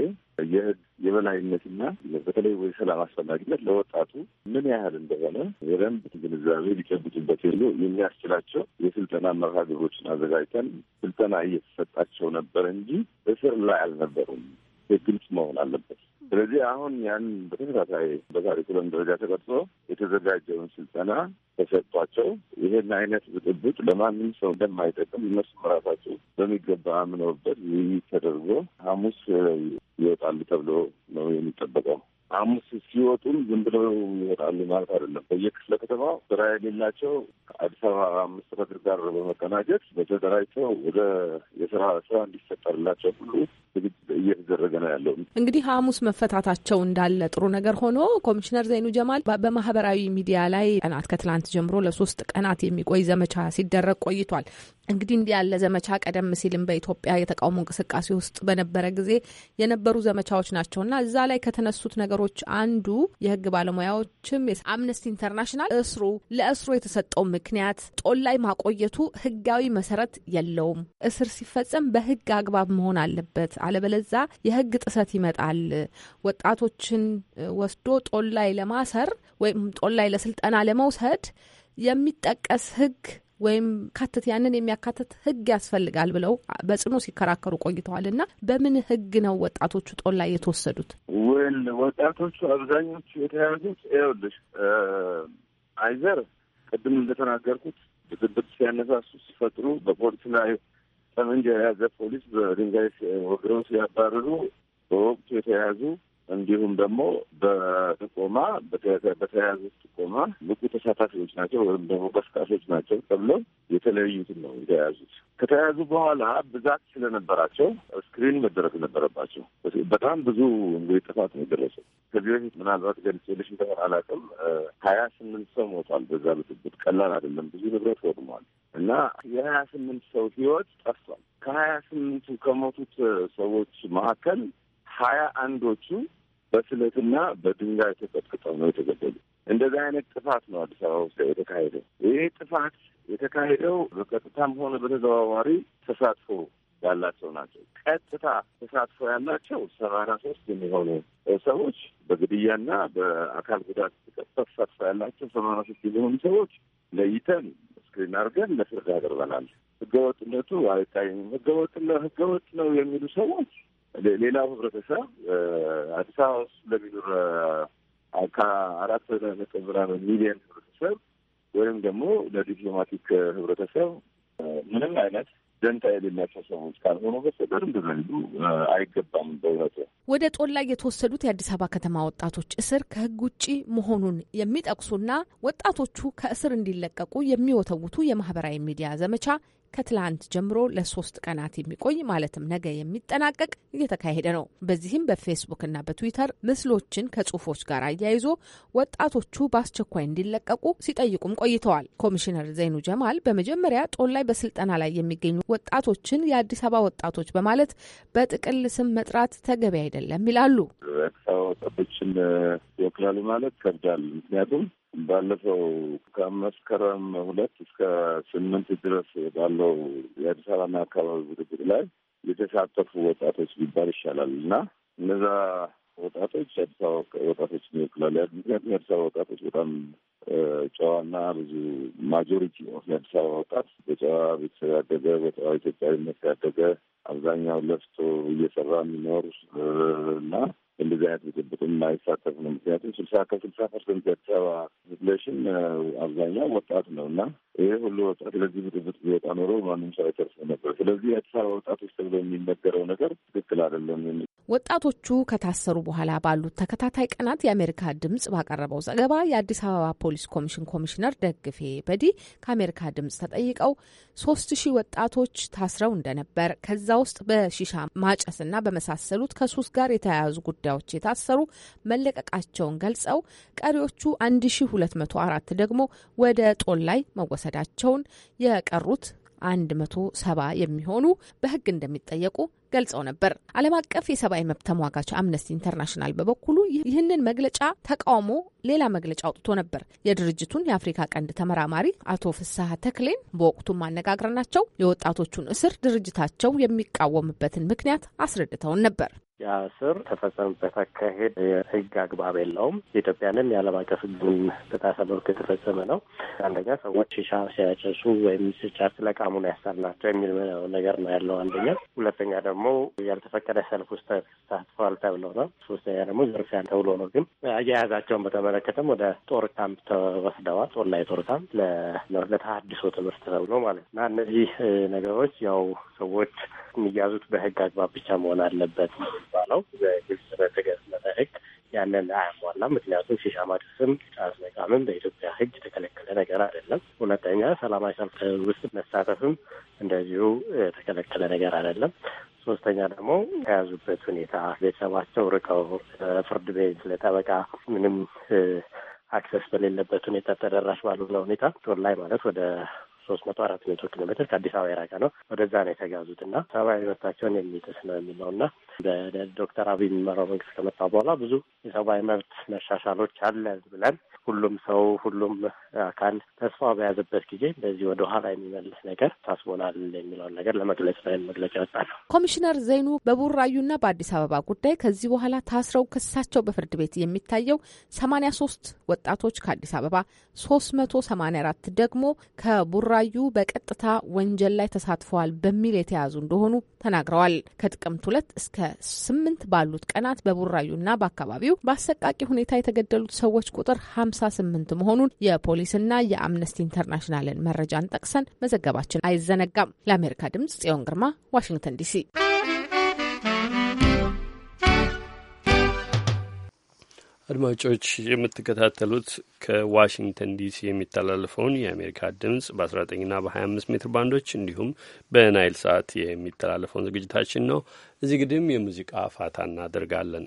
የህግ የበላይነትና በተለይ ወይ ሰላም አስፈላጊነት ለወጣቱ ምን ያህል እንደሆነ በደንብ ግንዛቤ ሊጨብጡበት የሉ የሚያስችላቸው የስልጠና መርሃ ግብሮችን አዘጋጅተን ስልጠና እየተሰጣቸው ነበር እንጂ እስር ላይ አልነበሩም። ግልጽ መሆን አለበት። ስለዚህ አሁን ያን በተከታታይ በካሪኩለም ደረጃ ተቀርጾ የተዘጋጀውን ስልጠና ተሰጥቷቸው ይህን አይነት ብጥብጥ ለማንም ሰው እንደማይጠቅም እነሱም ራሳቸው በሚገባ አምነውበት ውይይት ተደርጎ ሐሙስ ይወጣሉ ተብሎ ነው የሚጠበቀው። አምስት ሲወጡም ዝም ብለው ይወጣሉ ማለት አይደለም። በየክፍለ ከተማ ስራ የሌላቸው ከአዲስ አበባ አምስት ፈትር ጋር በመቀናጀት በተደራጅተው ወደ የስራ ስራ እንዲፈጠርላቸው ሁሉ ዝግጅት እየተደረገ ነው ያለው። እንግዲህ ሐሙስ መፈታታቸው እንዳለ ጥሩ ነገር ሆኖ ኮሚሽነር ዘይኑ ጀማል በማህበራዊ ሚዲያ ላይ ቀናት ከትላንት ጀምሮ ለሶስት ቀናት የሚቆይ ዘመቻ ሲደረግ ቆይቷል። እንግዲህ እንዲህ ያለ ዘመቻ ቀደም ሲልም በኢትዮጵያ የተቃውሞ እንቅስቃሴ ውስጥ በነበረ ጊዜ የነበሩ ዘመቻዎች ናቸው እና እዛ ላይ ከተነሱት ነገሮች ነገሮች አንዱ የህግ ባለሙያዎችም አምነስቲ ኢንተርናሽናል እስሩ ለእስሩ የተሰጠው ምክንያት ጦል ላይ ማቆየቱ ህጋዊ መሰረት የለውም፣ እስር ሲፈጸም በህግ አግባብ መሆን አለበት፣ አለበለዛ የህግ ጥሰት ይመጣል። ወጣቶችን ወስዶ ጦል ላይ ለማሰር ወይም ጦል ላይ ለስልጠና ለመውሰድ የሚጠቀስ ህግ ወይም ካትት ያንን የሚያካትት ህግ ያስፈልጋል ብለው በጽኑ ሲከራከሩ ቆይተዋል እና በምን ህግ ነው ወጣቶቹ ጦላ ላይ የተወሰዱት? ወይ ወጣቶቹ አብዛኞቹ የተያዙት ይኸውልሽ፣ አይዘር ቅድም እንደተናገርኩት ብጥብጥ ሲያነሳሱ ሲፈጥሩ በፖሊስ ላይ ጠመንጃ የያዘ ፖሊስ በድንጋይ ወግረው ሲያባርሩ በወቅቱ የተያዙ እንዲሁም ደግሞ በጥቆማ በተያያዙት ጥቆማ ንቁ ተሳታፊዎች ናቸው ወይም ደግሞ ቀስቃሾች ናቸው ተብለው የተለያዩትን ነው የተያያዙት። ከተያያዙ በኋላ ብዛት ስለነበራቸው ስክሪን መደረግ ነበረባቸው። በጣም ብዙ እንግዲህ ጥፋት ነው የደረሰው። ከዚህ በፊት ምናልባት ገልጬልሽ እንደሆነ አላውቅም፣ ሀያ ስምንት ሰው ሞቷል። በዛ ብጥብጥ ቀላል አይደለም። ብዙ ንብረት ወድሟል እና የሀያ ስምንት ሰው ህይወት ጠፍቷል። ከሀያ ስምንቱ ከሞቱት ሰዎች መካከል ሀያ አንዶቹ በስለትና በድንጋይ ተቀጥቅጠው ነው የተገደሉ። እንደዚህ አይነት ጥፋት ነው አዲስ አበባ ውስጥ የተካሄደው። ይህ ጥፋት የተካሄደው በቀጥታም ሆነ በተዘዋዋሪ ተሳትፎ ያላቸው ናቸው። ቀጥታ ተሳትፎ ያላቸው ሰማንያ ሶስት የሚሆኑ ሰዎች በግድያና በአካል ጉዳት ተሳትፎ ያላቸው ሰማንያ ሶስት የሚሆኑ ሰዎች ለይተን ስክሪን አድርገን ለፍርድ አቅርበናል። ህገወጥነቱ አይታይም። ህገወጥ ነው፣ ህገወጥ ነው የሚሉ ሰዎች ሌላው ህብረተሰብ አዲስ አበባ ውስጥ ለሚኖር ከአራት ነጥብ ምናምን ህብረተሰብ ወይም ደግሞ ለዲፕሎማቲክ ህብረተሰብ ምንም አይነት ደንታ የሌላቸው ሰዎች ካልሆኑ በስተቀር እንዲረዱ አይገባም። በእውነቱ ወደ ጦላ የተወሰዱት የአዲስ አበባ ከተማ ወጣቶች እስር ከህግ ውጭ መሆኑን የሚጠቅሱና ወጣቶቹ ከእስር እንዲለቀቁ የሚወተውቱ የማህበራዊ ሚዲያ ዘመቻ ከትላንት ጀምሮ ለሶስት ቀናት የሚቆይ ማለትም ነገ የሚጠናቀቅ እየተካሄደ ነው። በዚህም በፌስቡክና በትዊተር ምስሎችን ከጽሁፎች ጋር አያይዞ ወጣቶቹ በአስቸኳይ እንዲለቀቁ ሲጠይቁም ቆይተዋል። ኮሚሽነር ዘይኑ ጀማል በመጀመሪያ ጦን ላይ በስልጠና ላይ የሚገኙ ወጣቶችን የአዲስ አበባ ወጣቶች በማለት በጥቅል ስም መጥራት ተገቢ አይደለም ይላሉ። ወጣቶችን ይወክላሉ ማለት ከብዳል። ምክንያቱም ባለፈው ከመስከረም ሁለት እስከ ስምንት ድረስ ባለው የአዲስ አበባና አካባቢ ውድድር ላይ የተሳተፉ ወጣቶች ሊባል ይሻላል እና እነዛ ወጣቶች የአዲስ አበባ ወጣቶች ይወክላሉ። ምክንያቱም የአዲስ አበባ ወጣቶች በጣም ጨዋና ብዙ ማጆሪቲ የአዲስ አበባ ወጣት በጨዋ ቤተሰብ ያደገ በጨዋ ኢትዮጵያዊነት ያደገ አብዛኛው ለፍቶ እየሰራ የሚኖር እና እንደዚህ አይነት ብጥብጥም የማይሳተፍ ነው። ምክንያቱም ስልሳ ከስልሳ ፐርሰንት የአዲስ አበባ ፖፕሌሽን አብዛኛው ወጣት ነው እና ይህ ሁሉ ወጣት ለዚህ ብጥብጥ ቢወጣ ኖሮ ማንም ሰው አይተርፍ ነበር። ስለዚህ የአዲስ አበባ ወጣቶች ተብሎ የሚነገረው ነገር ትክክል አይደለም። ወጣቶቹ ከታሰሩ በኋላ ባሉት ተከታታይ ቀናት የአሜሪካ ድምጽ ባቀረበው ዘገባ የአዲስ አበባ ፖሊስ ኮሚሽን ኮሚሽነር ደግፌ በዲ ከአሜሪካ ድምጽ ተጠይቀው ሶስት ሺህ ወጣቶች ታስረው እንደነበር ከዛ ውስጥ በሺሻ ማጨስና በመሳሰሉት ከሱስ ጋር የተያያዙ ጉዳዮች የታሰሩ መለቀቃቸውን ገልጸው ቀሪዎቹ አራት ደግሞ ወደ ጦል ላይ መወሰዳቸውን የቀሩት ሰባ የሚሆኑ በህግ እንደሚጠየቁ ገልጸው ነበር። ዓለም አቀፍ የሰብአዊ መብት ተሟጋች አምነስቲ ኢንተርናሽናል በበኩሉ ይህንን መግለጫ ተቃውሞ ሌላ መግለጫ አውጥቶ ነበር። የድርጅቱን የአፍሪካ ቀንድ ተመራማሪ አቶ ፍስሐ ተክሌን በወቅቱም ማነጋግረናቸው የወጣቶቹን እስር ድርጅታቸው የሚቃወምበትን ምክንያት አስረድተውን ነበር። ያ ስር ተፈጸመበት አካሄድ የህግ አግባብ የለውም። ኢትዮጵያንም የዓለም አቀፍ ህግን በጣሰ መልኩ የተፈጸመ ነው። አንደኛ ሰዎች ሺሻ ሲያጨሱ ወይም ሲጫት ለቃሙን ያሳል ናቸው የሚል ነገር ነው ያለው አንደኛ። ሁለተኛ ደግሞ ያልተፈቀደ ሰልፍ ውስጥ ተሳትፈዋል ተብሎ ነው። ሶስተኛ ደግሞ ዝርፊያ ተብሎ ነው። ግን አያያዛቸውን በተመለከተም ወደ ጦር ካምፕ ተወስደዋል። ጦር ላይ ጦር ካምፕ ለተሀድሶ ትምህርት ተብሎ ማለት ነው እና እነዚህ ነገሮች ያው ሰዎች የሚያዙት በህግ አግባብ ብቻ መሆን አለበት የሚባለው በግልጽ በተቀመጠ ህግ ያንን አያሟላም። ምክንያቱም ሺሻ ማጨስም ጫት መቃምም በኢትዮጵያ ህግ የተከለከለ ነገር አይደለም። ሁለተኛ ሰላማዊ ሰልፍ ውስጥ መሳተፍም እንደዚሁ የተከለከለ ነገር አይደለም። ሶስተኛ ደግሞ ከያዙበት ሁኔታ ቤተሰባቸው ርቀው ፍርድ ቤት ለጠበቃ ምንም አክሰስ በሌለበት ሁኔታ ተደራሽ ባልሆነ ሁኔታ ቶን ላይ ማለት ወደ ሶስት መቶ አራት መቶ ኪሎ ሜትር ከአዲስ አበባ የራቀ ነው። ወደዛ ነው የተጋዙት እና ሰብአዊ መብታቸውን የሚጥስ ነው የሚለው እና በዶክተር አብይ የሚመራው መንግስት ከመጣ በኋላ ብዙ የሰብአዊ መብት መሻሻሎች አለ ብለን ሁሉም ሰው ሁሉም አካል ተስፋ በያዘበት ጊዜ እንደዚህ ወደ ኋላ የሚመልስ ነገር ታስቦናል የሚለውን ነገር ለመግለጽ ላይ መግለጫ ወጣ ነው። ኮሚሽነር ዘይኑ በቡራዩና በአዲስ አበባ ጉዳይ ከዚህ በኋላ ታስረው ክሳቸው በፍርድ ቤት የሚታየው ሰማኒያ ሶስት ወጣቶች ከአዲስ አበባ ሶስት መቶ ሰማኒያ አራት ደግሞ ከቡራዩ በቀጥታ ወንጀል ላይ ተሳትፈዋል በሚል የተያዙ እንደሆኑ ተናግረዋል። ከጥቅምት ሁለት እስከ ስምንት ባሉት ቀናት በቡራዩና በአካባቢው በአሰቃቂ ሁኔታ የተገደሉት ሰዎች ቁጥር 58 መሆኑን የፖሊስና የአምነስቲ ኢንተርናሽናልን መረጃን ጠቅሰን መዘገባችን አይዘነጋም። ለአሜሪካ ድምጽ ጽዮን ግርማ ዋሽንግተን ዲሲ። አድማጮች የምትከታተሉት ከዋሽንግተን ዲሲ የሚተላለፈውን የአሜሪካ ድምጽ በ19ና በ25 ሜትር ባንዶች እንዲሁም በናይል ሰዓት የሚተላለፈውን ዝግጅታችን ነው። እዚህ ግድም የሙዚቃ ፋታ እናደርጋለን።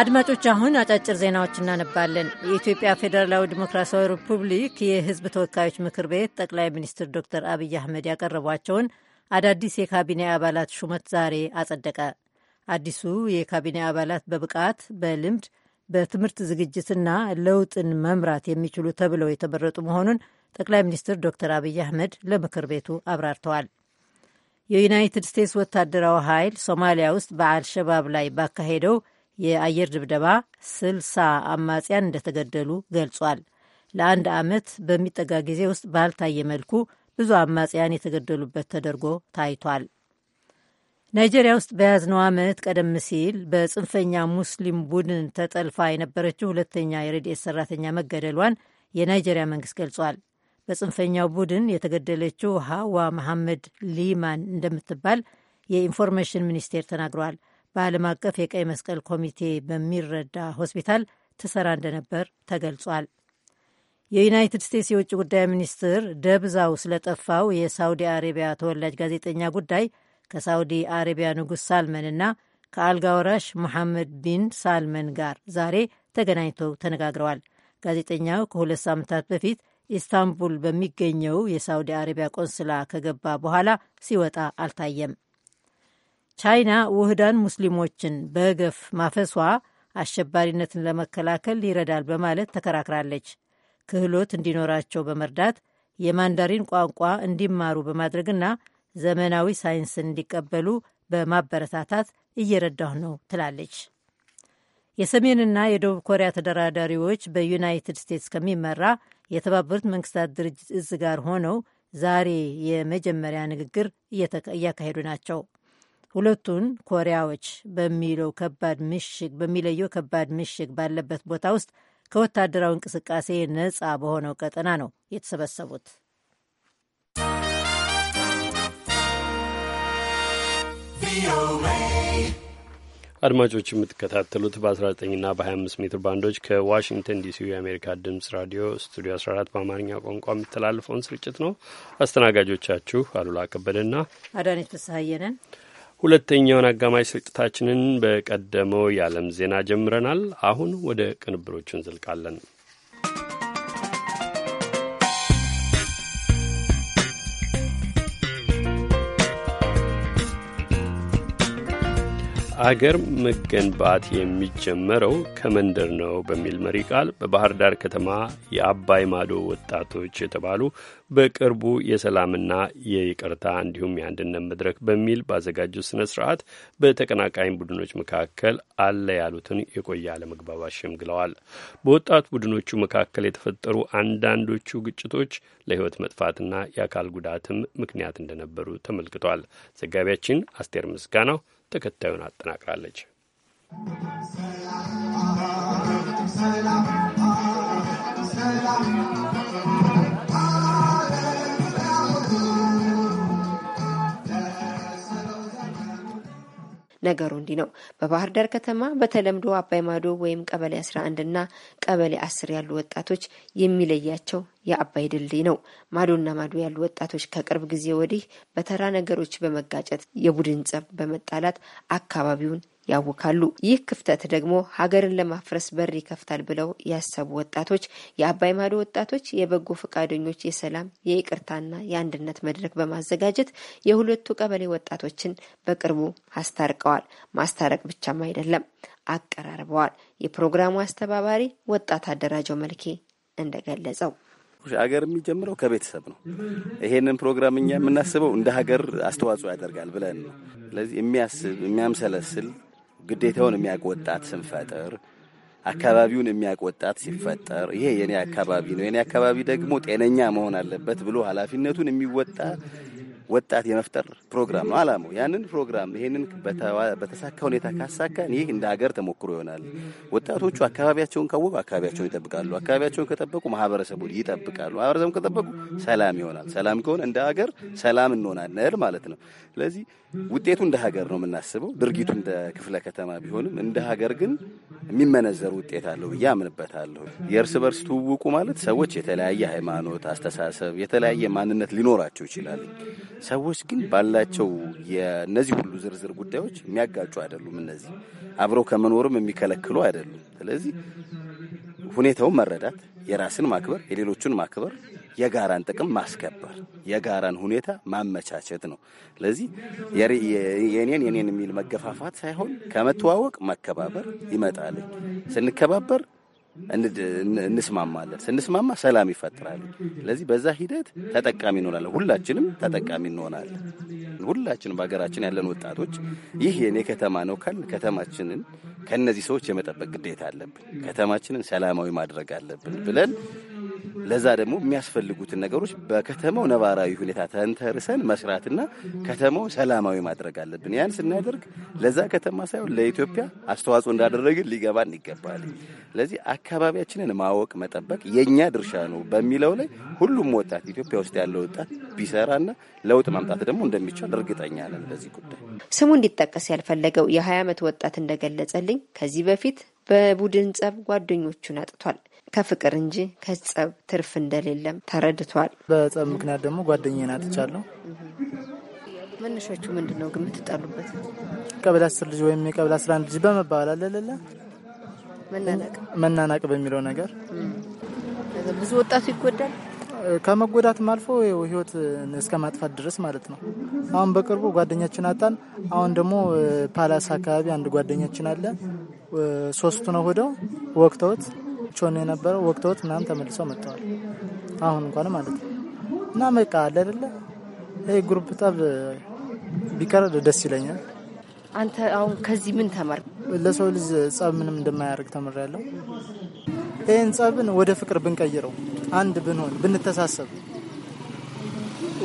አድማጮች አሁን አጫጭር ዜናዎች እናነባለን። የኢትዮጵያ ፌዴራላዊ ዲሞክራሲያዊ ሪፑብሊክ የሕዝብ ተወካዮች ምክር ቤት ጠቅላይ ሚኒስትር ዶክተር አብይ አህመድ ያቀረቧቸውን አዳዲስ የካቢኔ አባላት ሹመት ዛሬ አጸደቀ። አዲሱ የካቢኔ አባላት በብቃት በልምድ በትምህርት ዝግጅትና ለውጥን መምራት የሚችሉ ተብለው የተመረጡ መሆኑን ጠቅላይ ሚኒስትር ዶክተር አብይ አህመድ ለምክር ቤቱ አብራርተዋል። የዩናይትድ ስቴትስ ወታደራዊ ኃይል ሶማሊያ ውስጥ በአልሸባብ ላይ ባካሄደው የአየር ድብደባ ስልሳ አማጽያን እንደተገደሉ ገልጿል። ለአንድ ዓመት በሚጠጋ ጊዜ ውስጥ ባልታየ መልኩ ብዙ አማጽያን የተገደሉበት ተደርጎ ታይቷል። ናይጄሪያ ውስጥ በያዝነው ዓመት ቀደም ሲል በጽንፈኛ ሙስሊም ቡድን ተጠልፋ የነበረችው ሁለተኛ የረድኤት ሰራተኛ መገደሏን የናይጄሪያ መንግስት ገልጿል። በጽንፈኛው ቡድን የተገደለችው ሀዋ መሐመድ ሊማን እንደምትባል የኢንፎርሜሽን ሚኒስቴር ተናግሯል። በዓለም አቀፍ የቀይ መስቀል ኮሚቴ በሚረዳ ሆስፒታል ትሰራ እንደነበር ተገልጿል። የዩናይትድ ስቴትስ የውጭ ጉዳይ ሚኒስትር ደብዛው ስለጠፋው የሳውዲ አረቢያ ተወላጅ ጋዜጠኛ ጉዳይ ከሳውዲ አረቢያ ንጉሥ ሳልመን ከአልጋ ወራሽ መሐመድ ቢን ሳልመን ጋር ዛሬ ተገናኝተው ተነጋግረዋል። ጋዜጠኛው ከሁለት ሳምንታት በፊት ኢስታንቡል በሚገኘው የሳውዲ አረቢያ ቆንስላ ከገባ በኋላ ሲወጣ አልታየም። ቻይና ውህዳን ሙስሊሞችን በገፍ ማፈሷ አሸባሪነትን ለመከላከል ይረዳል በማለት ተከራክራለች። ክህሎት እንዲኖራቸው በመርዳት የማንዳሪን ቋንቋ እንዲማሩ በማድረግና ዘመናዊ ሳይንስን እንዲቀበሉ በማበረታታት እየረዳሁ ነው ትላለች። የሰሜንና የደቡብ ኮሪያ ተደራዳሪዎች በዩናይትድ ስቴትስ ከሚመራ የተባበሩት መንግስታት ድርጅት እዝ ጋር ሆነው ዛሬ የመጀመሪያ ንግግር እያካሄዱ ናቸው። ሁለቱን ኮሪያዎች በሚለው ከባድ ምሽግ በሚለየው ከባድ ምሽግ ባለበት ቦታ ውስጥ ከወታደራዊ እንቅስቃሴ ነጻ በሆነው ቀጠና ነው የተሰበሰቡት። አድማጮች የምትከታተሉት በ19ና በ25 ሜትር ባንዶች ከዋሽንግተን ዲሲ የአሜሪካ ድምጽ ራዲዮ ስቱዲዮ 14 በአማርኛ ቋንቋ የሚተላለፈውን ስርጭት ነው። አስተናጋጆቻችሁ አሉላ ከበደና አዳነች ፍስሐየነን ሁለተኛውን አጋማሽ ስርጭታችንን በቀደመው የዓለም ዜና ጀምረናል። አሁን ወደ ቅንብሮቹ እንዘልቃለን። አገር መገንባት የሚጀመረው ከመንደር ነው በሚል መሪ ቃል በባህር ዳር ከተማ የአባይ ማዶ ወጣቶች የተባሉ በቅርቡ የሰላምና የይቅርታ እንዲሁም የአንድነት መድረክ በሚል ባዘጋጁት ስነ ስርዓት በተቀናቃኝ ቡድኖች መካከል አለ ያሉትን የቆየ አለመግባባት ሸምግለዋል። በወጣት ቡድኖቹ መካከል የተፈጠሩ አንዳንዶቹ ግጭቶች ለሕይወት መጥፋትና የአካል ጉዳትም ምክንያት እንደነበሩ ተመልክቷል። ዘጋቢያችን አስቴር ምስጋናው ተከታዩን አጠናቅራለች። ነገሩ እንዲህ ነው። በባህር ዳር ከተማ በተለምዶ አባይ ማዶ ወይም ቀበሌ 11 እና ቀበሌ 10 ያሉ ወጣቶች የሚለያቸው የአባይ ድልድይ ነው። ማዶና ማዶ ያሉ ወጣቶች ከቅርብ ጊዜ ወዲህ በተራ ነገሮች በመጋጨት የቡድን ጸብ በመጣላት አካባቢውን ያውካሉ። ይህ ክፍተት ደግሞ ሀገርን ለማፍረስ በር ይከፍታል ብለው ያሰቡ ወጣቶች የአባይ ማዶ ወጣቶች የበጎ ፈቃደኞች የሰላም የይቅርታና የአንድነት መድረክ በማዘጋጀት የሁለቱ ቀበሌ ወጣቶችን በቅርቡ አስታርቀዋል። ማስታረቅ ብቻም አይደለም አቀራርበዋል። የፕሮግራሙ አስተባባሪ ወጣት አደራጀው መልኬ እንደገለጸው ሀገር የሚጀምረው ከቤተሰብ ነው። ይሄንን ፕሮግራም እኛ የምናስበው እንደ ሀገር አስተዋጽኦ ያደርጋል ብለን ነው። ስለዚህ የሚያስብ የሚያምሰለስል ግዴታውን የሚያውቅ ወጣት ስንፈጥር አካባቢውን የሚያውቅ ወጣት ሲፈጠር ይሄ የኔ አካባቢ ነው፣ የኔ አካባቢ ደግሞ ጤነኛ መሆን አለበት ብሎ ኃላፊነቱን የሚወጣ ወጣት የመፍጠር ፕሮግራም ነው አላማው። ያንን ፕሮግራም ይህንን በተሳካ ሁኔታ ካሳካን ይህ እንደ ሀገር ተሞክሮ ይሆናል። ወጣቶቹ አካባቢያቸውን ካወቁ አካባቢያቸውን ይጠብቃሉ። አካባቢያቸውን ከጠበቁ ማህበረሰቡን ይጠብቃሉ። ማህበረሰቡን ከጠበቁ ሰላም ይሆናል። ሰላም ከሆነ እንደ ሀገር ሰላም እንሆናለን ማለት ነው። ስለዚህ ውጤቱ እንደ ሀገር ነው የምናስበው። ድርጊቱ እንደ ክፍለ ከተማ ቢሆንም እንደ ሀገር ግን የሚመነዘር ውጤት አለው ብዬ አምንበታለሁ። የእርስ በርስ ትውውቁ ማለት ሰዎች የተለያየ ሃይማኖት፣ አስተሳሰብ፣ የተለያየ ማንነት ሊኖራቸው ይችላል። ሰዎች ግን ባላቸው የእነዚህ ሁሉ ዝርዝር ጉዳዮች የሚያጋጩ አይደሉም። እነዚህ አብረው ከመኖርም የሚከለክሉ አይደሉም። ስለዚህ ሁኔታውን መረዳት፣ የራስን ማክበር፣ የሌሎቹን ማክበር የጋራን ጥቅም ማስከበር፣ የጋራን ሁኔታ ማመቻቸት ነው። ስለዚህ የኔን የኔን የሚል መገፋፋት ሳይሆን ከመተዋወቅ መከባበር ይመጣል። ስንከባበር እንስማማለን። ስንስማማ ሰላም ይፈጥራል። ስለዚህ በዛ ሂደት ተጠቃሚ እንሆናለን። ሁላችንም ተጠቃሚ እንሆናለን። ሁላችንም በሀገራችን ያለን ወጣቶች ይህ የኔ ከተማ ነው ካል ከተማችንን ከእነዚህ ሰዎች የመጠበቅ ግዴታ አለብን። ከተማችንን ሰላማዊ ማድረግ አለብን ብለን ለዛ ደግሞ የሚያስፈልጉትን ነገሮች በከተማው ነባራዊ ሁኔታ ተንተርሰን መስራትና ከተማው ሰላማዊ ማድረግ አለብን። ያን ስናደርግ ለዛ ከተማ ሳይሆን ለኢትዮጵያ አስተዋጽኦ እንዳደረግን ሊገባን ይገባል። ስለዚህ አካባቢያችንን ማወቅ መጠበቅ የእኛ ድርሻ ነው በሚለው ላይ ሁሉም ወጣት ኢትዮጵያ ውስጥ ያለው ወጣት ቢሰራና ለውጥ ማምጣት ደግሞ እንደሚቻል እርግጠኛ ነን። በዚህ ጉዳይ ስሙ እንዲጠቀስ ያልፈለገው የ20 ዓመት ወጣት እንደገለጸልኝ ከዚህ በፊት በቡድን ጸብ ጓደኞቹን አጥቷል። ከፍቅር እንጂ ከጸብ ትርፍ እንደሌለም ተረድቷል። በጸብ ምክንያት ደግሞ ጓደኛዬን አጥቻለሁ። መነሻችሁ ምንድን ነው ግን የምትጣሉበት? ቀበሌ አስር ልጅ ወይም የቀበሌ አስራ አንድ ልጅ በመባል አለለለ መናናቅ በሚለው ነገር ብዙ ወጣቱ ይጎዳል። ከመጎዳትም አልፎ ህይወት እስከ ማጥፋት ድረስ ማለት ነው። አሁን በቅርቡ ጓደኛችን አጣን። አሁን ደግሞ ፓላስ አካባቢ አንድ ጓደኛችን አለ። ሶስቱ ነው ሆደው ወቅተውት ጮህ ነው የነበረው። ወቅተውት ምናምን ተመልሰው መጥተዋል። አሁን እንኳን ማለት ነው እና በቃ አለ አይደለ ይሄ ግሩፕ ጠብ ቢቀር ደስ ይለኛል። አንተ አሁን ከዚህ ምን ተማር? ለሰው ልጅ ጸብ ምንም እንደማያደርግ ተምሬያለሁ። ይህን ጸብን ወደ ፍቅር ብንቀይረው፣ አንድ ብንሆን፣ ብንተሳሰብ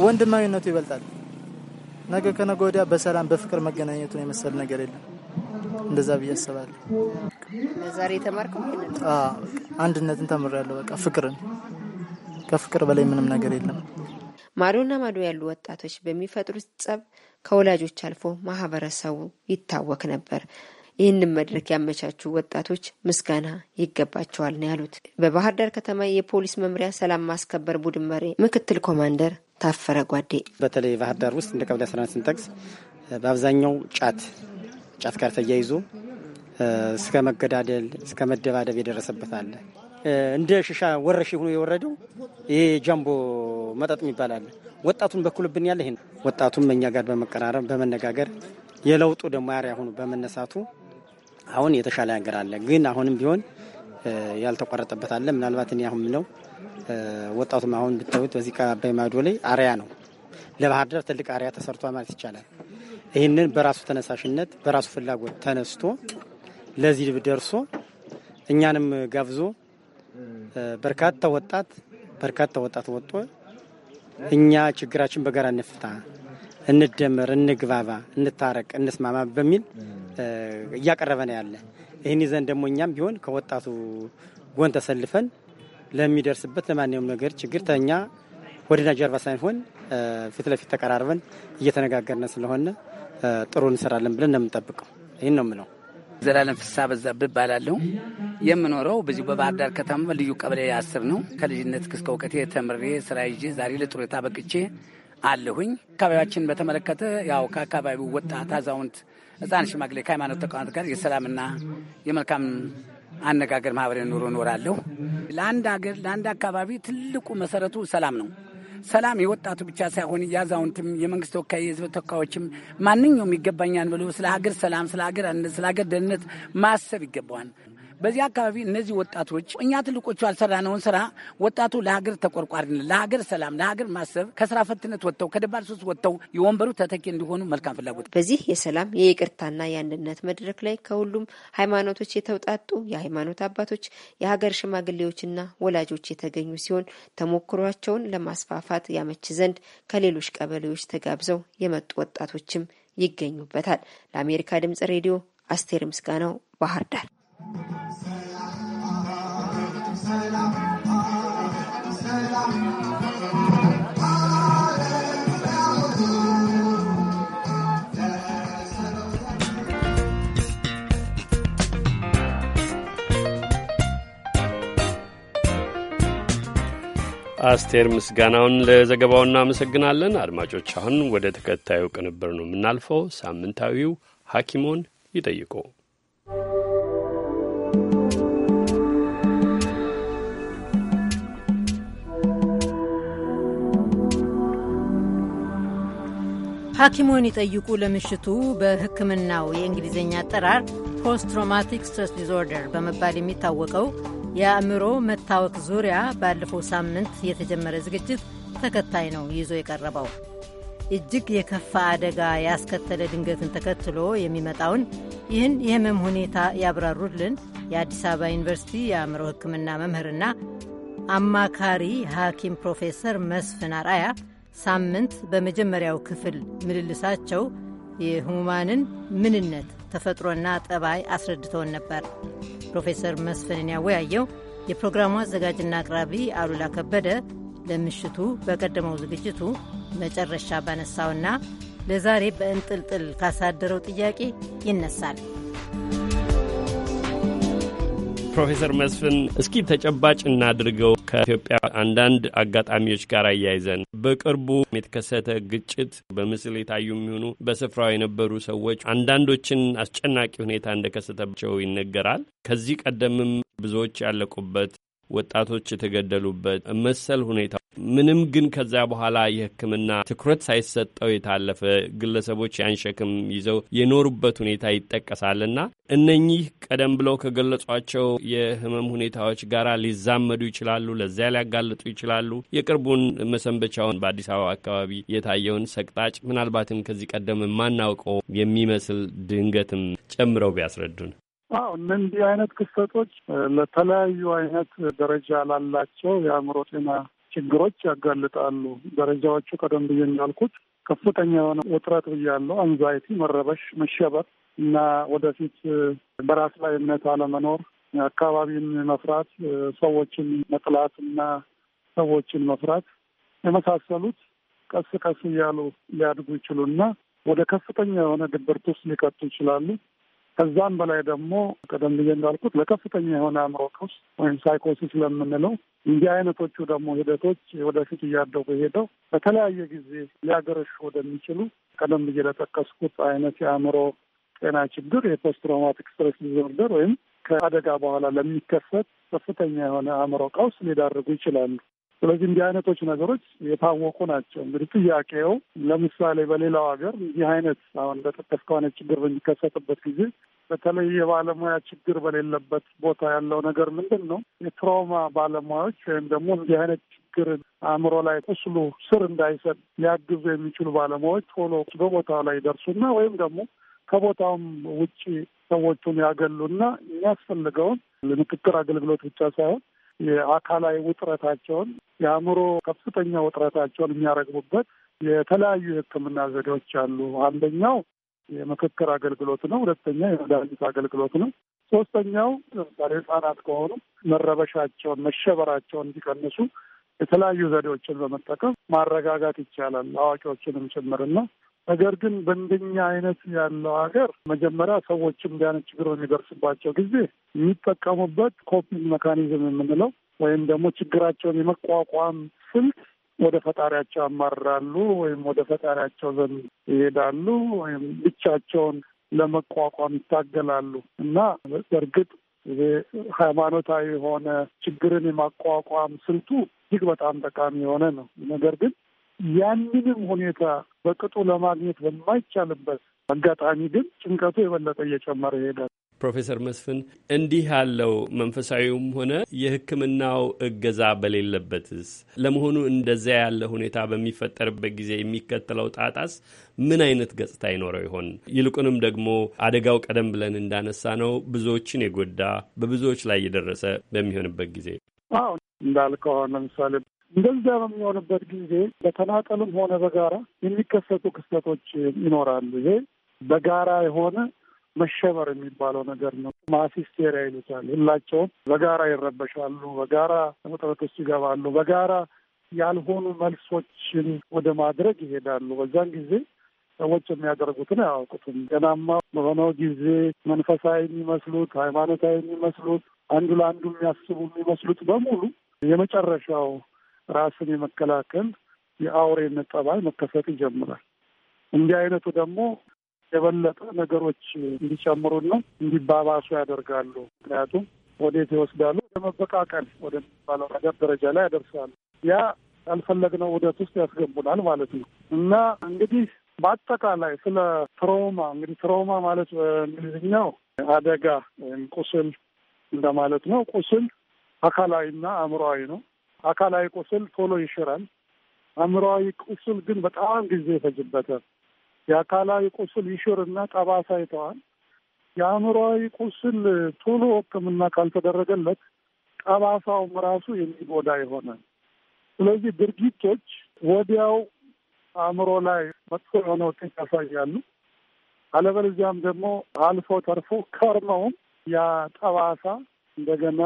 ወንድማዊነቱ ይበልጣል። ነገ ከነገ ወዲያ በሰላም በፍቅር መገናኘቱን የመሰለ ነገር የለም። እንደዛ ብዬ አስባለሁ። ዛሬ የተማርከው አንድነትን ተምሬያለሁ። በቃ ፍቅርን ከፍቅር በላይ ምንም ነገር የለም። ማዶና ማዶ ያሉ ወጣቶች በሚፈጥሩት ጸብ ከወላጆች አልፎ ማህበረሰቡ ይታወክ ነበር። ይህንን መድረክ ያመቻቹ ወጣቶች ምስጋና ይገባቸዋል ነው ያሉት በባህር ዳር ከተማ የፖሊስ መምሪያ ሰላም ማስከበር ቡድን መሪ ምክትል ኮማንደር ታፈረ ጓዴ። በተለይ ባህር ዳር ውስጥ እንደ ቀበሌ ስራን ስንጠቅስ በአብዛኛው ጫት ጫት ጋር ተያይዞ እስከ መገዳደል እስከ መደባደብ የደረሰበት አለ። እንደ ሽሻ ወረሽ ሆኖ የወረደው ይሄ ጃምቦ መጠጥ የሚባል አለ። ወጣቱን በኩልብን ያለ ይሄ ወጣቱም እኛ ጋር በመቀራረብ በመነጋገር የለውጡ ደግሞ አርአያ ሆኖ በመነሳቱ አሁን የተሻለ ነገር አለ። ግን አሁንም ቢሆን ያልተቋረጠበት አለ። ምናልባት እኔ አሁን ምለው ወጣቱም አሁን ብታዩት በዚህ አባይ ማዶ ላይ አርአያ ነው። ለባህር ዳር ትልቅ አርአያ ተሰርቷ ማለት ይቻላል። ይህንን በራሱ ተነሳሽነት በራሱ ፍላጎት ተነስቶ ለዚህ ደርሶ እኛንም ጋብዞ በርካታ ወጣት በርካታ ወጣት ወጦ እኛ ችግራችን በጋራ እንፍታ፣ እንደመር፣ እንግባባ፣ እንታረቅ፣ እንስማማ በሚል እያቀረበ ነው ያለ። ይህን ይዘን ደግሞ እኛም ቢሆን ከወጣቱ ጎን ተሰልፈን ለሚደርስበት ለማንኛውም ነገር ችግር ተኛ ወደና ጀርባ ሳይሆን ፊት ለፊት ተቀራርበን እየተነጋገርን ስለሆነ ጥሩ እንሰራለን ብለን እንደምንጠብቀው ይህን ነው የምለው። ዘላለም ፍሳ በዛብህ እባላለሁ። የምኖረው በዚሁ በባህር ዳር ከተማ ልዩ ቀበሌ አስር ነው። ከልጅነት እስከ እውቀቴ ተምሬ ስራ ይዤ ዛሬ ለጡረታ በቅቼ አለሁኝ። አካባቢያችን በተመለከተ ያው ከአካባቢው ወጣት፣ አዛውንት፣ ህፃን፣ ሽማግሌ ከሃይማኖት ተቋማት ጋር የሰላምና የመልካም አነጋገር ማህበሬ ኑሮ እኖራለሁ። ለአንድ ሀገር ለአንድ አካባቢ ትልቁ መሰረቱ ሰላም ነው። ሰላም የወጣቱ ብቻ ሳይሆን የአዛውንትም፣ የመንግስት ተወካይ፣ የህዝብ ተወካዮችም ማንኛውም ይገባኛል ብሎ ስለ ሀገር ሰላም፣ ስለ ሀገር አንድነት፣ ስለ ሀገር ደህንነት ማሰብ ይገባዋል። በዚህ አካባቢ እነዚህ ወጣቶች እኛ ትልቆቹ ያልሰራነውን ስራ ወጣቱ ለሀገር ተቆርቋሪነት፣ ለሀገር ሰላም፣ ለሀገር ማሰብ ከስራ ፈትነት ወጥተው ከደባል ሶስት ወጥተው የወንበሩ ተተኪ እንዲሆኑ መልካም ፍላጎት። በዚህ የሰላም የይቅርታና የአንድነት መድረክ ላይ ከሁሉም ሃይማኖቶች የተውጣጡ የሃይማኖት አባቶች፣ የሀገር ሽማግሌዎችና ወላጆች የተገኙ ሲሆን ተሞክሯቸውን ለማስፋፋት ያመች ዘንድ ከሌሎች ቀበሌዎች ተጋብዘው የመጡ ወጣቶችም ይገኙበታል። ለአሜሪካ ድምጽ ሬዲዮ አስቴር ምስጋናው ባህር ዳር። አስቴር ምስጋናውን ለዘገባው እናመሰግናለን። አድማጮች፣ አሁን ወደ ተከታዩ ቅንብር ነው የምናልፈው። ሳምንታዊው ሐኪሞን ይጠይቁ ሐኪሙን ይጠይቁ ለምሽቱ በሕክምናው የእንግሊዝኛ አጠራር ፖስት ስትረስ ዲስኦርደር በመባል የሚታወቀው የአእምሮ መታወክ ዙሪያ ባለፈው ሳምንት የተጀመረ ዝግጅት ተከታይ ነው ይዞ የቀረበው። እጅግ የከፋ አደጋ ያስከተለ ድንገትን ተከትሎ የሚመጣውን ይህን የህመም ሁኔታ ያብራሩልን የአዲስ አበባ ዩኒቨርሲቲ የአእምሮ ሕክምና መምህርና አማካሪ ሐኪም ፕሮፌሰር መስፍን አርአያ ሳምንት በመጀመሪያው ክፍል ምልልሳቸው የህሙማንን ምንነት ተፈጥሮና ጠባይ አስረድተውን ነበር። ፕሮፌሰር መስፍንን ያወያየው የፕሮግራሙ አዘጋጅና አቅራቢ አሉላ ከበደ ለምሽቱ በቀደመው ዝግጅቱ መጨረሻ ባነሳውና ለዛሬ በእንጥልጥል ካሳደረው ጥያቄ ይነሳል። ፕሮፌሰር መስፍን እስኪ ተጨባጭ እናድርገው። ከኢትዮጵያ አንዳንድ አጋጣሚዎች ጋር አያይዘን በቅርቡ የተከሰተ ግጭት በምስል የታዩ የሚሆኑ በስፍራው የነበሩ ሰዎች አንዳንዶችን አስጨናቂ ሁኔታ እንደከሰተባቸው ይነገራል። ከዚህ ቀደምም ብዙዎች ያለቁበት ወጣቶች የተገደሉበት መሰል ሁኔታ ምንም ግን ከዚያ በኋላ የሕክምና ትኩረት ሳይሰጠው የታለፈ ግለሰቦች ያን ሸክም ይዘው የኖሩበት ሁኔታ ይጠቀሳልና እነኚህ ቀደም ብለው ከገለጿቸው የህመም ሁኔታዎች ጋር ሊዛመዱ ይችላሉ፣ ለዚያ ሊያጋልጡ ይችላሉ። የቅርቡን መሰንበቻውን በአዲስ አበባ አካባቢ የታየውን ሰቅጣጭ ምናልባትም ከዚህ ቀደም የማናውቀው የሚመስል ድንገትም ጨምረው ቢያስረዱን። አዎ እነዚህ አይነት ክስተቶች ለተለያዩ አይነት ደረጃ ላላቸው የአእምሮ ጤና ችግሮች ያጋልጣሉ። ደረጃዎቹ ቀደም ብዬ እንዳልኩት ከፍተኛ የሆነ ውጥረት ብያለሁ፣ አንዛይቲ፣ መረበሽ፣ መሸበር እና ወደፊት በራስ ላይ እምነት አለመኖር፣ አካባቢን መፍራት፣ ሰዎችን መጥላት እና ሰዎችን መፍራት የመሳሰሉት ቀስ ቀስ እያሉ ሊያድጉ ይችሉና ወደ ከፍተኛ የሆነ ድብርት ውስጥ ሊቀጡ ይችላሉ። ከዛም በላይ ደግሞ ቀደም ብዬ እንዳልኩት ለከፍተኛ የሆነ አእምሮ ቀውስ ወይም ሳይኮሲስ ለምንለው እንዲህ አይነቶቹ ደግሞ ሂደቶች ወደፊት እያደጉ ሄደው በተለያየ ጊዜ ሊያገረሹ ወደሚችሉ ቀደም ብዬ ለጠቀስኩት አይነት የአእምሮ ጤና ችግር የፖስት ትራውማቲክ ስትረስ ዲዞርደር ወይም ከአደጋ በኋላ ለሚከሰት ከፍተኛ የሆነ አእምሮ ቀውስ ሊዳርጉ ይችላሉ። ስለዚህ እንዲህ አይነቶች ነገሮች የታወቁ ናቸው። እንግዲህ ጥያቄው ለምሳሌ በሌላው ሀገር እንዲህ አይነት አሁን እንደጠቀስከው አይነት ችግር በሚከሰትበት ጊዜ በተለይ የባለሙያ ችግር በሌለበት ቦታ ያለው ነገር ምንድን ነው? የትራውማ ባለሙያዎች ወይም ደግሞ እንዲህ አይነት ችግር አእምሮ ላይ ቁስሉ ስር እንዳይሰጥ ሊያግዙ የሚችሉ ባለሙያዎች ቶሎ በቦታው ላይ ደርሱና ወይም ደግሞ ከቦታውም ውጭ ሰዎቹን ያገሉና የሚያስፈልገውን ለምክክር አገልግሎት ብቻ ሳይሆን የአካላዊ ውጥረታቸውን፣ የአእምሮ ከፍተኛ ውጥረታቸውን የሚያረግቡበት የተለያዩ የሕክምና ዘዴዎች አሉ። አንደኛው የምክክር አገልግሎት ነው። ሁለተኛ የመድኃኒት አገልግሎት ነው። ሶስተኛው ለምሳሌ ህጻናት ከሆኑ መረበሻቸውን፣ መሸበራቸውን እንዲቀንሱ የተለያዩ ዘዴዎችን በመጠቀም ማረጋጋት ይቻላል አዋቂዎችንም ጭምርና ነገር ግን በእንደኛ አይነት ያለው ሀገር መጀመሪያ ሰዎችም ቢያነ ችግር በሚደርስባቸው ጊዜ የሚጠቀሙበት ኮፒንግ መካኒዝም የምንለው ወይም ደግሞ ችግራቸውን የመቋቋም ስልት ወደ ፈጣሪያቸው ያማርራሉ ወይም ወደ ፈጣሪያቸው ዘንድ ይሄዳሉ ወይም ብቻቸውን ለመቋቋም ይታገላሉ እና በእርግጥ ይሄ ሃይማኖታዊ የሆነ ችግርን የማቋቋም ስልቱ እጅግ በጣም ጠቃሚ የሆነ ነው። ነገር ግን ያንንም ሁኔታ በቅጡ ለማግኘት በማይቻልበት አጋጣሚ ግን ጭንቀቱ የበለጠ እየጨመረ ይሄዳል። ፕሮፌሰር መስፍን እንዲህ ያለው መንፈሳዊውም ሆነ የሕክምናው እገዛ በሌለበትስ ለመሆኑ እንደዚያ ያለ ሁኔታ በሚፈጠርበት ጊዜ የሚከተለው ጣጣስ ምን አይነት ገጽታ ይኖረው ይሆን? ይልቁንም ደግሞ አደጋው ቀደም ብለን እንዳነሳ ነው ብዙዎችን የጎዳ በብዙዎች ላይ የደረሰ በሚሆንበት ጊዜ አዎ እንዳልከው ለምሳሌ እንደዚያ በሚሆንበት ጊዜ በተናጠልም ሆነ በጋራ የሚከሰቱ ክስተቶች ይኖራሉ። ይሄ በጋራ የሆነ መሸበር የሚባለው ነገር ነው። ማሲስቴሪያ ይሉታል። ሁላቸውም በጋራ ይረበሻሉ፣ በጋራ ውጥረቶች ይገባሉ፣ በጋራ ያልሆኑ መልሶችን ወደ ማድረግ ይሄዳሉ። በዛን ጊዜ ሰዎች የሚያደርጉትን አያውቁትም። ገናማ በሆነው ጊዜ መንፈሳዊ የሚመስሉት ሃይማኖታዊ የሚመስሉት አንዱ ለአንዱ የሚያስቡ የሚመስሉት በሙሉ የመጨረሻው ራስን የመከላከል የአውሬነት ጠባይ መከሰት ይጀምራል። እንዲህ አይነቱ ደግሞ የበለጠ ነገሮች እንዲጨምሩና እንዲባባሱ ያደርጋሉ። ምክንያቱም ወዴት ይወስዳሉ? ወደ መበቃቀል ወደሚባለው ነገር ደረጃ ላይ ያደርሳሉ። ያ ያልፈለግነው ውደት ውስጥ ያስገቡናል ማለት ነው እና እንግዲህ በአጠቃላይ ስለ ትሮማ እንግዲህ ትሮማ ማለት በእንግሊዝኛው አደጋ ወይም ቁስል እንደማለት ነው። ቁስል አካላዊና አእምሮዊ ነው። አካላዊ ቁስል ቶሎ ይሽራል። አእምሮዊ ቁስል ግን በጣም ጊዜ ይፈጅበታል። የአካላዊ ቁስል ይሽርና ጠባሳ ይተዋል። የአእምሮዊ ቁስል ቶሎ ሕክምና ካልተደረገለት ጠባሳውም ራሱ የሚጎዳ ይሆናል። ስለዚህ ድርጊቶች ወዲያው አእምሮ ላይ መጥፎ የሆነ ውጤት ያሳያሉ። አለበለዚያም ደግሞ አልፎ ተርፎ ከርመውም ያ ጠባሳ እንደገና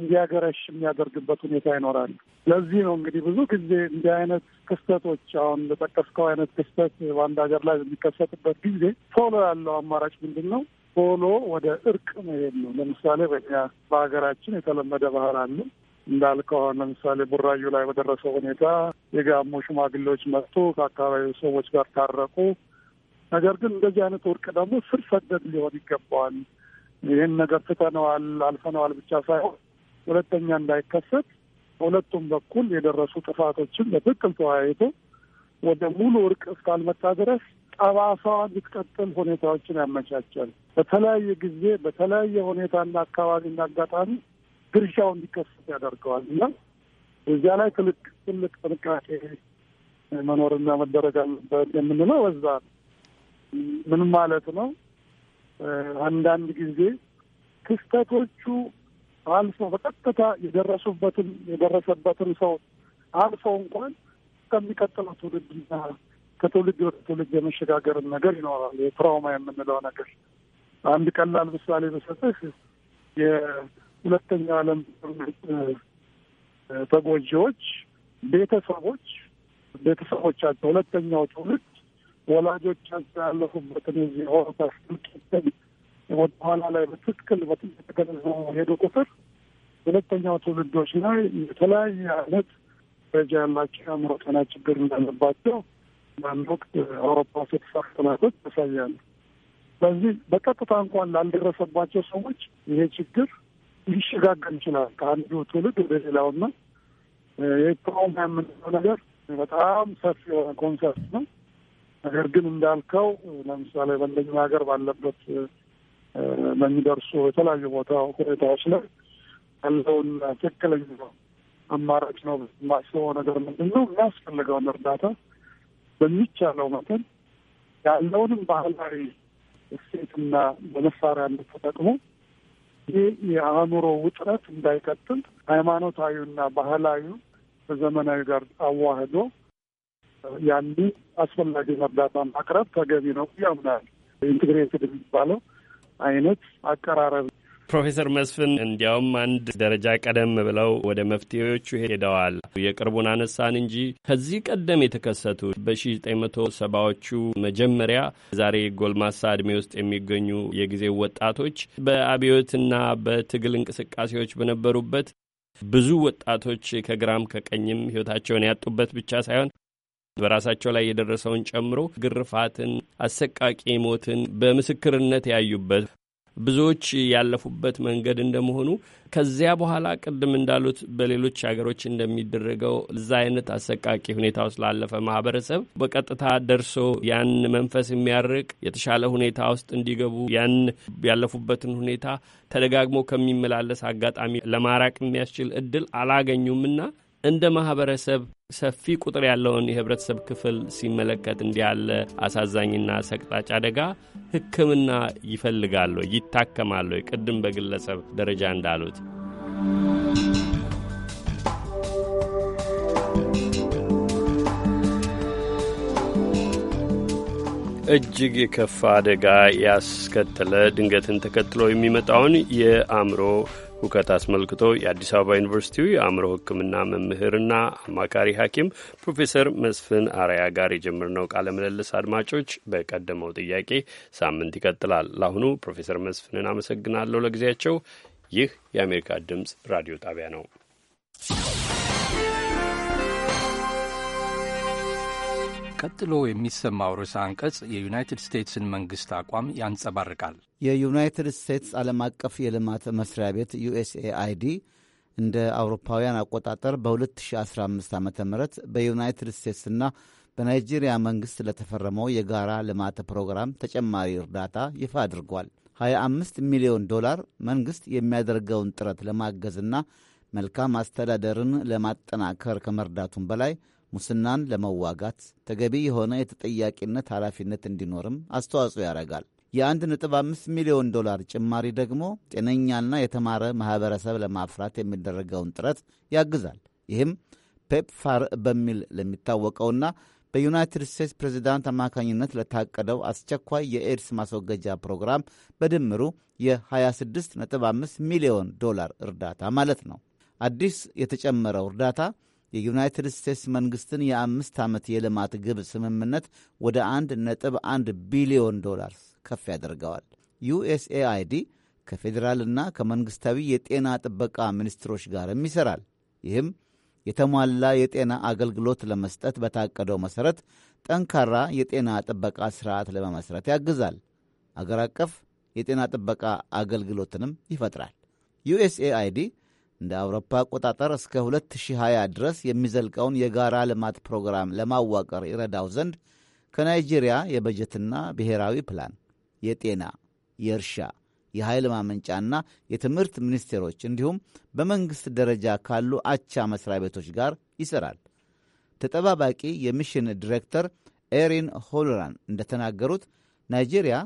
እንዲያገረሽ የሚያደርግበት ሁኔታ ይኖራል። ለዚህ ነው እንግዲህ ብዙ ጊዜ እንዲህ አይነት ክስተቶች አሁን ለጠቀስከው አይነት ክስተት በአንድ ሀገር ላይ በሚከሰትበት ጊዜ ቶሎ ያለው አማራጭ ምንድን ነው? ቶሎ ወደ እርቅ መሄድ ነው። ለምሳሌ በኛ በሀገራችን የተለመደ ባህል አለ እንዳልከው ለምሳሌ ቡራዩ ላይ በደረሰው ሁኔታ የጋሞ ሽማግሌዎች መጥቶ ከአካባቢ ሰዎች ጋር ታረቁ። ነገር ግን እንደዚህ አይነት እርቅ ደግሞ ስር ሰደድ ሊሆን ይገባዋል። ይህን ነገር ፍተነዋል አልፈነዋል ብቻ ሳይሆን ሁለተኛ እንዳይከሰት በሁለቱም በኩል የደረሱ ጥፋቶችን በትክክል ተወያይቶ ወደ ሙሉ እርቅ እስካልመጣ ድረስ ጠባሳዋ እንድትቀጥል ሁኔታዎችን ያመቻቻል። በተለያየ ጊዜ በተለያየ ሁኔታና አካባቢና አጋጣሚ ድርሻው እንዲከሰት ያደርገዋል እና እዚያ ላይ ትልቅ ትልቅ ጥንቃቄ መኖርና መደረግ አለበት የምንለው በዛ ምን ማለት ነው? አንዳንድ ጊዜ ክስተቶቹ አልፎ በቀጥታ የደረሱበትን የደረሰበትን ሰው አልፎ እንኳን ከሚቀጥለው ትውልድና ከትውልድ ወደ ትውልድ የመሸጋገርን ነገር ይኖራል። የትራውማ የምንለው ነገር አንድ ቀላል ምሳሌ በሰጥህ የሁለተኛው ዓለም ተጎጂዎች ቤተሰቦች ቤተሰቦቻቸው ሁለተኛው ትውልድ ወላጆቻቸው ያለፉበትን የዚህ ሆሮታስ ወደ ኋላ ላይ በትክክል በተገነዘቡ ሄዱ ቁጥር ሁለተኛው ትውልዶች ላይ የተለያየ አይነት ደረጃ ያላቸው የአእምሮ ጤና ችግር እንዳለባቸው በአንድ ወቅት አውሮፓ ውስጥ የተሰሩ ጥናቶች ያሳያሉ። ስለዚህ በቀጥታ እንኳን ላልደረሰባቸው ሰዎች ይሄ ችግር ሊሸጋገር ይችላል ከአንዱ ትውልድ ወደ ሌላውና የትራውማ የምንለው ነገር በጣም ሰፊ የሆነ ኮንሰርት ነው። ነገር ግን እንዳልከው ለምሳሌ በእንደኛ ሀገር ባለበት በሚደርሱ የተለያዩ ቦታ ሁኔታዎች ላይ ያለውን ትክክለኛ አማራጭ ነው የማስበው ነገር ምንድን ነው የሚያስፈልገውን እርዳታ በሚቻለው መጠን ያለውንም ባህላዊ እሴትና በመሳሪያነት ተጠቅሞ ይህ የአእምሮ ውጥረት እንዳይቀጥል ሃይማኖታዊና ባህላዊ ከዘመናዊ ጋር አዋህዶ ያንን አስፈላጊ እርዳታ ማቅረብ ተገቢ ነው ያምናል። ኢንትግሬትድ የሚባለው አይነት አቀራረብ ፕሮፌሰር መስፍን እንዲያውም አንድ ደረጃ ቀደም ብለው ወደ መፍትሄዎቹ ሄደዋል። የቅርቡን አነሳን እንጂ ከዚህ ቀደም የተከሰቱ በ1970ዎቹ መጀመሪያ ዛሬ ጎልማሳ እድሜ ውስጥ የሚገኙ የጊዜ ወጣቶች በአብዮትና በትግል እንቅስቃሴዎች በነበሩበት ብዙ ወጣቶች ከግራም ከቀኝም ሕይወታቸውን ያጡበት ብቻ ሳይሆን በራሳቸው ላይ የደረሰውን ጨምሮ ግርፋትን፣ አሰቃቂ ሞትን በምስክርነት ያዩበት ብዙዎች ያለፉበት መንገድ እንደመሆኑ ከዚያ በኋላ ቅድም እንዳሉት በሌሎች ሀገሮች እንደሚደረገው እዛ አይነት አሰቃቂ ሁኔታ ውስጥ ላለፈ ማህበረሰብ በቀጥታ ደርሶ ያን መንፈስ የሚያርቅ የተሻለ ሁኔታ ውስጥ እንዲገቡ ያን ያለፉበትን ሁኔታ ተደጋግሞ ከሚመላለስ አጋጣሚ ለማራቅ የሚያስችል እድል አላገኙምና እንደ ማህበረሰብ ሰፊ ቁጥር ያለውን የህብረተሰብ ክፍል ሲመለከት እንዲህ ያለ አሳዛኝና ሰቅጣጭ አደጋ ሕክምና ይፈልጋሉ፣ ይታከማሉ። ቅድም በግለሰብ ደረጃ እንዳሉት እጅግ የከፋ አደጋ ያስከተለ ድንገትን ተከትሎ የሚመጣውን የአእምሮ ሁከት አስመልክቶ የአዲስ አበባ ዩኒቨርሲቲው የአእምሮ ሕክምና መምህርና አማካሪ ሐኪም ፕሮፌሰር መስፍን አርያ ጋር የጀመርነው ቃለ ምልልስ አድማጮች በቀደመው ጥያቄ ሳምንት ይቀጥላል። ለአሁኑ ፕሮፌሰር መስፍንን አመሰግናለሁ ለጊዜያቸው። ይህ የአሜሪካ ድምፅ ራዲዮ ጣቢያ ነው። ቀጥሎ የሚሰማው ርዕሰ አንቀጽ የዩናይትድ ስቴትስን መንግሥት አቋም ያንጸባርቃል። የዩናይትድ ስቴትስ ዓለም አቀፍ የልማት መስሪያ ቤት ዩኤስኤአይዲ እንደ አውሮፓውያን አቆጣጠር በ2015 ዓ ም በዩናይትድ ስቴትስና በናይጄሪያ መንግሥት ለተፈረመው የጋራ ልማት ፕሮግራም ተጨማሪ እርዳታ ይፋ አድርጓል። 25 ሚሊዮን ዶላር መንግሥት የሚያደርገውን ጥረት ለማገዝና መልካም አስተዳደርን ለማጠናከር ከመርዳቱም በላይ ሙስናን ለመዋጋት ተገቢ የሆነ የተጠያቂነት ኃላፊነት እንዲኖርም አስተዋጽኦ ያደርጋል። የአንድ ነጥብ ሚሊዮን ዶላር ጭማሪ ደግሞ ጤነኛና የተማረ ማኅበረሰብ ለማፍራት የሚደረገውን ጥረት ያግዛል። ይህም ፔፕፋር በሚል ለሚታወቀውና በዩናይትድ ስቴትስ ፕሬዚዳንት አማካኝነት ለታቀደው አስቸኳይ የኤድስ ማስወገጃ ፕሮግራም በድምሩ የ26.5 ሚሊዮን ዶላር እርዳታ ማለት ነው። አዲስ የተጨመረው እርዳታ የዩናይትድ ስቴትስ መንግሥትን የአምስት ዓመት የልማት ግብ ስምምነት ወደ አንድ ነጥብ አንድ ቢሊዮን ዶላር ከፍ ያደርገዋል። ዩኤስኤአይዲ ከፌዴራልና ከመንግሥታዊ የጤና ጥበቃ ሚኒስትሮች ጋርም ይሠራል። ይህም የተሟላ የጤና አገልግሎት ለመስጠት በታቀደው መሠረት ጠንካራ የጤና ጥበቃ ሥርዓት ለመመሥረት ያግዛል። አገር አቀፍ የጤና ጥበቃ አገልግሎትንም ይፈጥራል። ዩኤስኤአይዲ እንደ አውሮፓ አቆጣጠር እስከ 2020 ድረስ የሚዘልቀውን የጋራ ልማት ፕሮግራም ለማዋቀር ይረዳው ዘንድ ከናይጄሪያ የበጀትና ብሔራዊ ፕላን፣ የጤና፣ የእርሻ፣ የኃይል ማመንጫና የትምህርት ሚኒስቴሮች እንዲሁም በመንግሥት ደረጃ ካሉ አቻ መሥሪያ ቤቶች ጋር ይሠራል። ተጠባባቂ የሚሽን ዲሬክተር ኤሪን ሆሎራን እንደተናገሩት ናይጄሪያ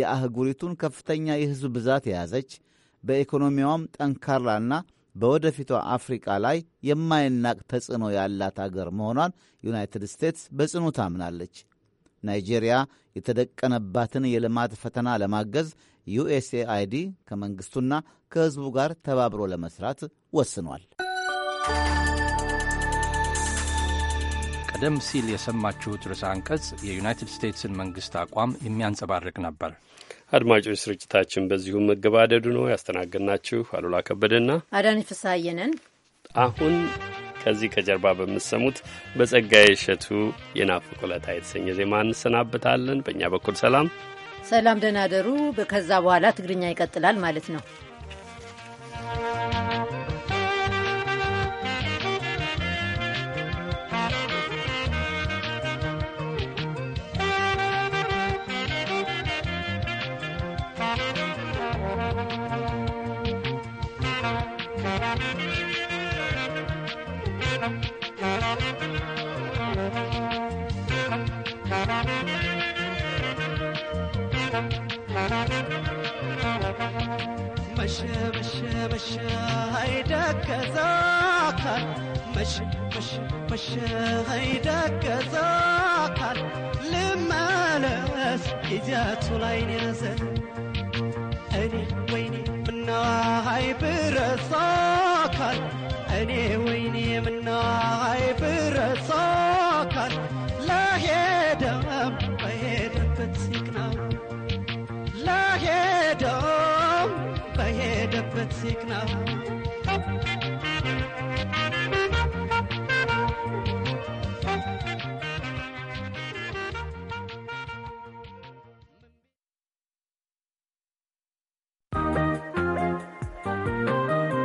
የአህጉሪቱን ከፍተኛ የሕዝብ ብዛት የያዘች በኢኮኖሚዋም ጠንካራና በወደፊቷ አፍሪቃ ላይ የማይናቅ ተጽዕኖ ያላት አገር መሆኗን ዩናይትድ ስቴትስ በጽኑ ታምናለች። ናይጄሪያ የተደቀነባትን የልማት ፈተና ለማገዝ ዩኤስኤአይዲ ከመንግሥቱና ከሕዝቡ ጋር ተባብሮ ለመሥራት ወስኗል። ቀደም ሲል የሰማችሁት ርዕሰ አንቀጽ የዩናይትድ ስቴትስን መንግሥት አቋም የሚያንጸባርቅ ነበር። አድማጮች ስርጭታችን በዚሁም መገባደዱ ነው። ያስተናገድናችሁ አሉላ ከበደና አዳኒ ፍሳየነን አሁን ከዚህ ከጀርባ በምትሰሙት በጸጋዬ እሸቱ የናፍቆለታ የተሰኘ ዜማ እንሰናበታለን በእኛ በኩል ሰላም ሰላም፣ ደህና ደሩ። ከዛ በኋላ ትግርኛ ይቀጥላል ማለት ነው። مش مش مش هيدك زاقل مش مش مش هيدك زاقل لما لس إجات لاين ينزل أني ويني منا هاي برصاقل أني ويني منا هاي برصاقل لا هي music